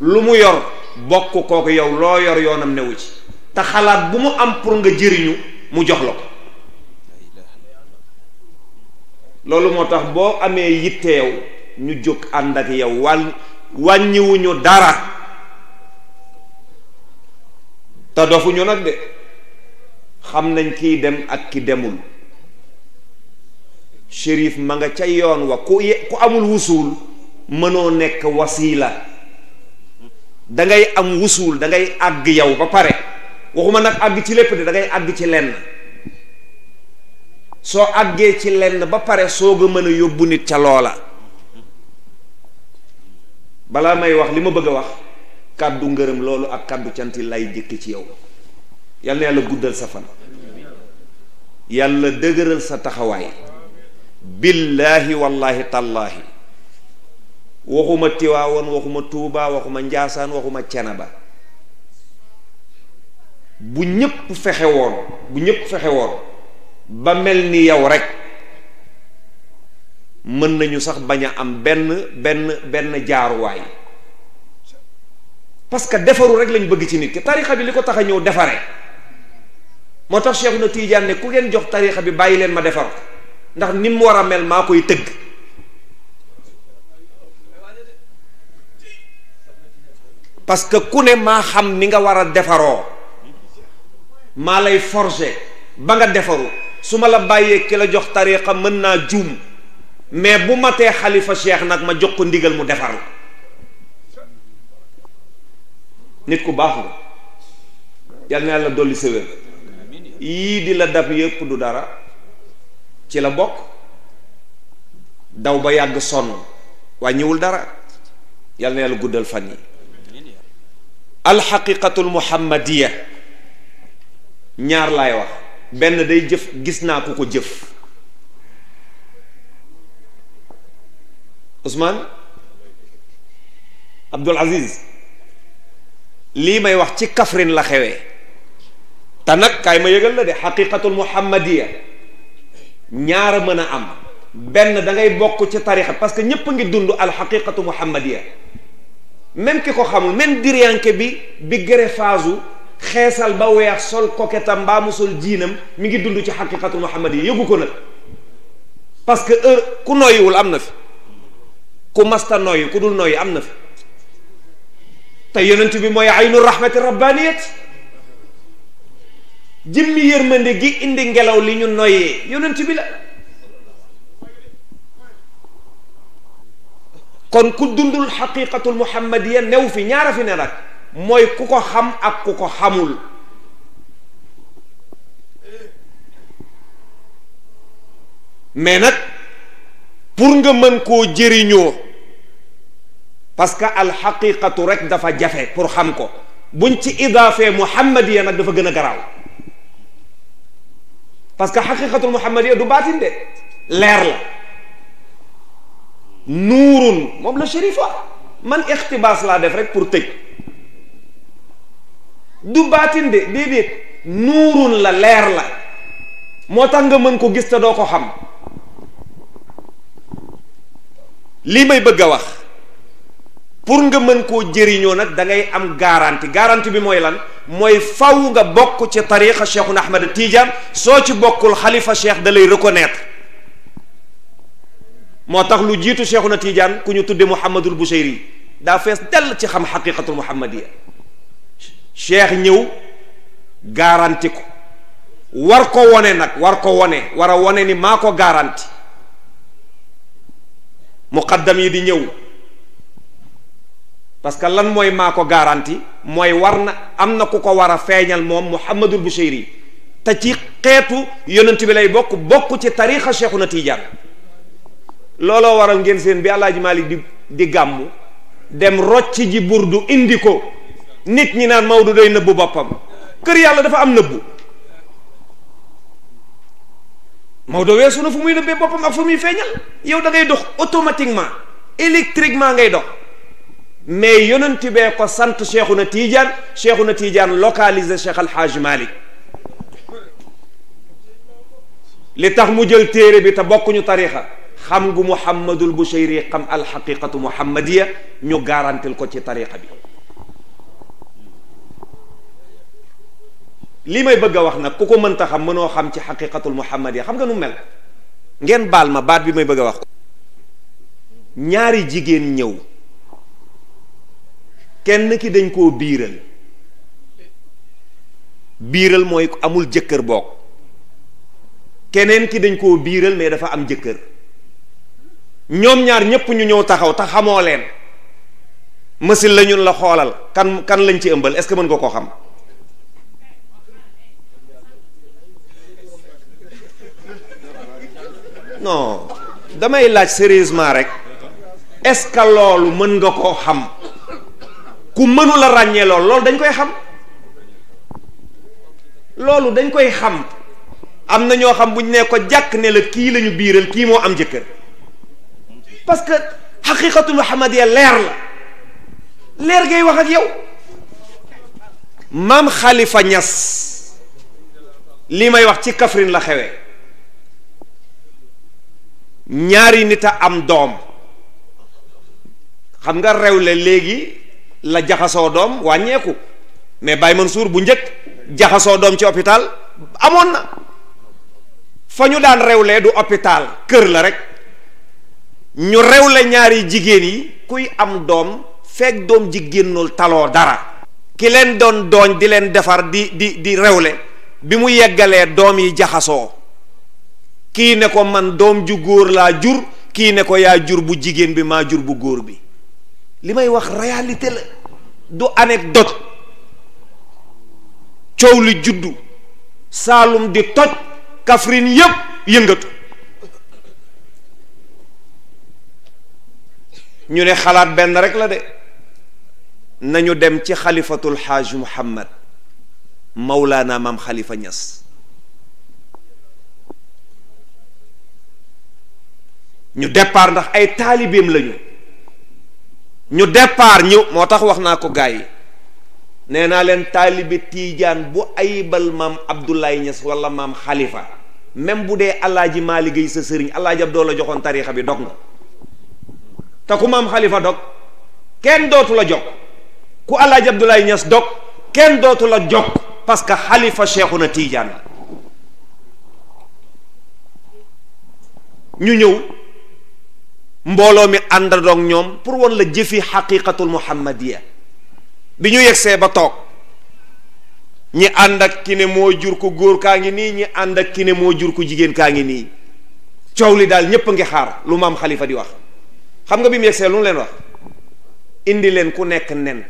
lu mu yor bokk kooku yow loo yor yoonam newu ci te xalaat bu mu am pour nga jëriñu mu jox la ko loolu moo tax boo amee yitteew ñu jóg ànd ak yow wàll wàññiwuñu dara te dofuñu nag de xam nañ kiy dem ak ki demul shérif ma nga ca yoon wa ku ye ku amul wusuul mënoo nekk wasiila da ngay am wusuul da àgg yow ba pare waxuma nag àgg ci lépp de dangay àgg ci lenn soo àggee ci lenn ba pare soog a mën a yóbbu nit ca loola balaa may wax li ma bëgg a wax kàddu ngërëm loolu ak kàddu canti lay jëkk ci yow yal na yàlla guddal sa fan yàlla dëgëral sa taxawaay billaahi wallaahi tallaahi waxuma tiwaawoon waxuma tuubaa waxuma njaasaan waxuma cenaba bu ñépp fexe bu ñëpp fexewoon woon ba mel ni yow rekk mën nañu sax bañ a am benn benn benn jaaruwaay parce que defaru rek lañ bëgg ci nit ki tarixa bi li ko tax a ñëw defare moo tax Cheikh na Tiijaan ne ku ngeen jox tarixa bi bàyyi leen ma defar ko ndax ni mu war a mel maa koy tëgg parce que ku ne maa xam ni nga war a defaroo maa lay forger ba nga defaru su ma la bàyyee ki la jox tarixa mën naa juum mais bu matee xalifa cheikh nag ma jox ko ndigal mu defar la nit ku baax nga yal na yàlla dolli sa yii di la dab yépp du dara ci la bokk daw ba yàgg sonn ñëwul dara yal na yàlla guddal fan yi alxaqiqatul muhammadiya ñaar laay wax benn day jëf gis naa ku ko jëf Ousmane Abdul Aziz lii may wax ci Kaffrine la xewee te nag kaay ma yëgal la de xaqiqatul muhammadiya ñaara mën a am benn dangay bokk ci tarixa parce que ñépp ngi dund al xaqiqatu muhammadiya même ki ko xamul même diriyanke bi bi gëre xeesal ba weex sol koketam mbaa mu sol jiinam mi ngi dund ci xaqiqatul muhammadiya yëgu ko nag parce que heure ku noyyiwul am na fi ku masta nooyu ku dul nooyu am na fi te yonent bi mooy aynu rahmati rabbaniyat jëmmi yërmande gi indi ngelaw li ñu noyee yonent bi la kon ku dundul xaqiqatul muhammadiya new fi ñaara fi ne nag mooy ku ko xam ak ku ko xamul mais pour nga mën koo jëriñoo parce que alxaqiqatu rek dafa jafe pour xam ko buñ ci idaafee muhammadiya nag dafa gën a garaaw parce que xaqiqatul muhammadiya du baatin de leer la nuurun moom la shérif wax man ixtibaas laa def rek pour tëj du baatin de déedéet nuurun la leer la moo tax nga mën ko gis te doo ko xam lii may bëgg a wax pour nga mën koo jëriñoo nag dangay am garanti garanti bi mooy lan mooy faw nga bokk ci tariqa cheikhuna ahmad tidiane soo ci bokkul xalifa cheikh da lay reconnaître moo tax lu jiitu cheikhuna tidiane ku ñu tudde mouhamadul buseyri daa fees dell ci xam xaqiqatul muhammadiya cheikh ñëw garanti ko war ko wone nag war ko wone war a wone ni maa ko garanti muqaddam yi di ñëw parce que lan mooy maa ko garanti mooy war na am na ku ko war a feeñal moom Muhammadul Busiri te ci xeetu yonent bi lay bokk bokk ci tariixa na Tijaan looloo waral ngeen seen bi Alaaji Maalik di di gàmmu dem rocc ji burdu indi ko nit ñi naan Maodo day nëbbu boppam kër yàlla dafa am nëbbu moo Maodo weesu na fu muy nëbbee boppam ak fu muy feeñal yow da ngay dox automatiquement électriquement ngay dox mais yonent bee ko sant Cheikhuna Tidiane Cheikhuna Tidiane localisé Cheikh Al Hadj Malick li tax mu jël téere bi te bokkuñu tarixa xam gu Muhammadul Bushayri xam alxaqiqatu muhammadiya ñu garantil ko ci tarixa bi lii may bëgg a wax nag ku ko mënta xam mënoo xam ci xaqiqatul muhammad yi xam nga nu mel ngeen baal ma baat bi may bëgg a wax ñaari jigéen ñëw kenn ki dañ koo biiral biiral mooy amul jëkkër bokk keneen ki dañ koo biiral mais dafa am jëkkër ñoom ñaar ñépp ñu ñëw taxaw te xamoo leen mësil la la xoolal kan kan lañ ci ëmbal est-ce que mën nga koo xam non damay laaj sérieusement rek est-ce que loolu mën nga koo xam ku mënula ràññee lool loolu dañ koy xam loolu dañ koy xam am na ñoo xam bu ñu nee ko jàkk ne la kii lañu ñu biiral kii moo am jëkkër parce que xaqiqatul muhammadiya leer la leer ngay wax ak yow maam Khalifa Niass li may wax ci Kaffrine la xewee ñaari nit a am doom xam nga rewle léegi la jaxasoo doom wàññeeku mais Baye suur bu njëkk jaxasoo doom ci hôpital amoon na fa ñu daan rewlee du hôpital kër la rekk ñu rewle ñaari jigéen yi kuy am doom fekk doom ji génnul taloo dara ki leen doon dooñ di leen defar di di di rewle bi mu yeggalee doom yi jaxasoo kii ne ko man doom ju góor laa jur kii ne ko yaa jur bu jigéen bi maa jur bu góor bi li may wax réalité la du anecdote coow li juddu Saalum di toj kafrin yépp yëngatu ñu ne xalaat benn rek la de nañu dem ci xalifatul xaaj Muhammad Mawlaana maam xalifa Ñas ñu départ ndax ay taalibeem lañu ñu départ ñëw moo tax wax naa ko gaa yi nee naa leen taalibe tiijaan bu ayibal maam Abdoulaye Niass wala maam xalifa même bu dee alaaji Maalik liggéey sa sëriñ alaaji doo la joxoon tariixa bi dog nga te ku maam Khalifa dog kenn dootu la jog ku alaaji Abdoulaye Niass dog kenn dootu la jog parce que Khalifa na Tiijaan ñu ñëw mbooloo mi àndandoog ñoom pour wan la jëfi xaqiqatul muhammadiya bi ñu yegsee ba toog ñi ànd ak ki ne moo jur ko góor kaa ngi nii ñi ànd ak ki ne moo jur ko jigéen kaa ngi nii coow li daal ñépp a ngi xaar lu mu am xalifa di wax xam nga bi mu yegsee lu mu leen wax indi leen ku nekk nen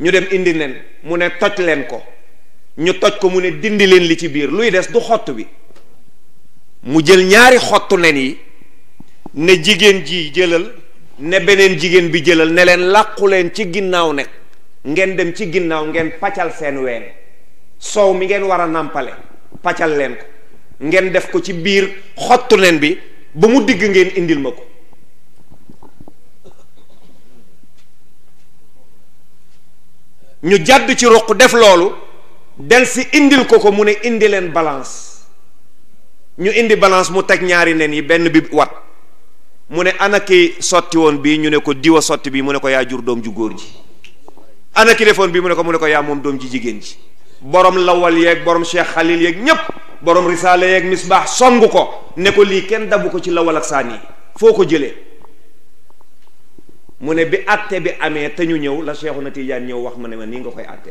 ñu dem indi nen mu ne toj leen ko ñu toj ko mu ne dindi leen li ci biir luy des du xott bi mu jël ñaari xottu nen yi ne jigéen ji jëlal ne beneen jigéen bi jëlal ne leen làqu leen ci ginnaaw nekk ngeen dem ci ginnaaw ngeen pàccal seen ween soow mi ngeen war a nàmpale paccal leen ko ngeen def ko ci biir xottu nen bi ba mu digg ngeen indil ma ko ñu jàdd ci ruq def loolu del si indil ko ko mu ne indi leen balance ñu indi balance mu teg ñaari nen yi benn bi wat mu ne ana sotti woon bii ñu ne ko diwa sotti bii mu ne ko yaa jur doom ju góor ji ana ki defoon bii mu ne ko mu ne ko yaa moom doom ji jigéen ji borom lawal yeeg borom cheikh xalil yeeg ñépp borom risaale yeeg misbaax song ko ne ko lii kenn dabu ko ci lawal ak saan foo ko jëlee mu ne bi àtte bi amee te ñu ñëw la Cheikhu na tiijaan ñëw wax ma ne ma nii nga koy àtte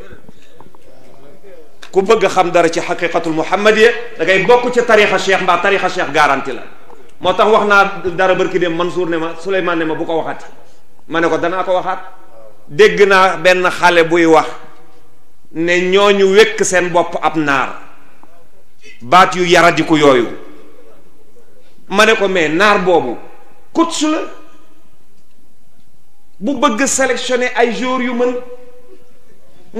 ku bëgg a xam dara ci xaqiqatul muhammadiya da dangay bokk ci tarixa cheikh mbaa tarixa cheikh garanti la moo tax wax naa dara barki dem Mansour ne ma Souleymane ne ma bu ko waxati ma ne ko danaa ko waxaat dégg naa benn xale buy wax ne ñoo ñu wékk seen bopp ab naar baat yu yaradiku yooyu ma ne ko mais naar boobu coach la bu bëgg sélectionner ay joueurs yu mën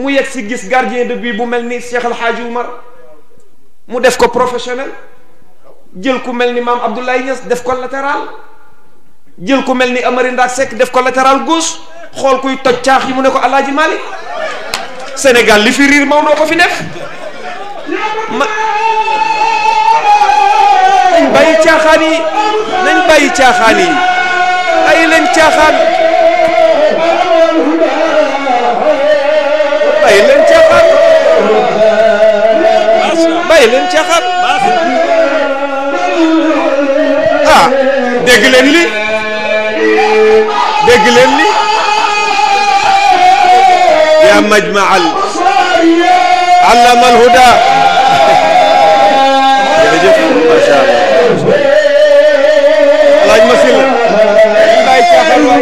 mu yegg si gis gardien de but bu mel ni Cheikh El Hadji Oumar mu def ko professionnel jël ku mel ni maam Abdoulaye Niass def ko latéral jël ku mel ni Amary Ndack Seck def ko latéral gauche xool kuy toj caax yi mu ne ko Alaaji Malick Sénégal li fi riir Maodo ko fi def ma nañ bàyyi caaxaan yi nañ bàyyi caaxaan yi bàyyi leen caaxaan bàyyi leen caaxaan bàyyi leen caaxaan ah dégg leen li dégg leen li yaa majmaal allama alhuda jërëjëf allah laaj ma si la dañ bàyyi caaxaan waay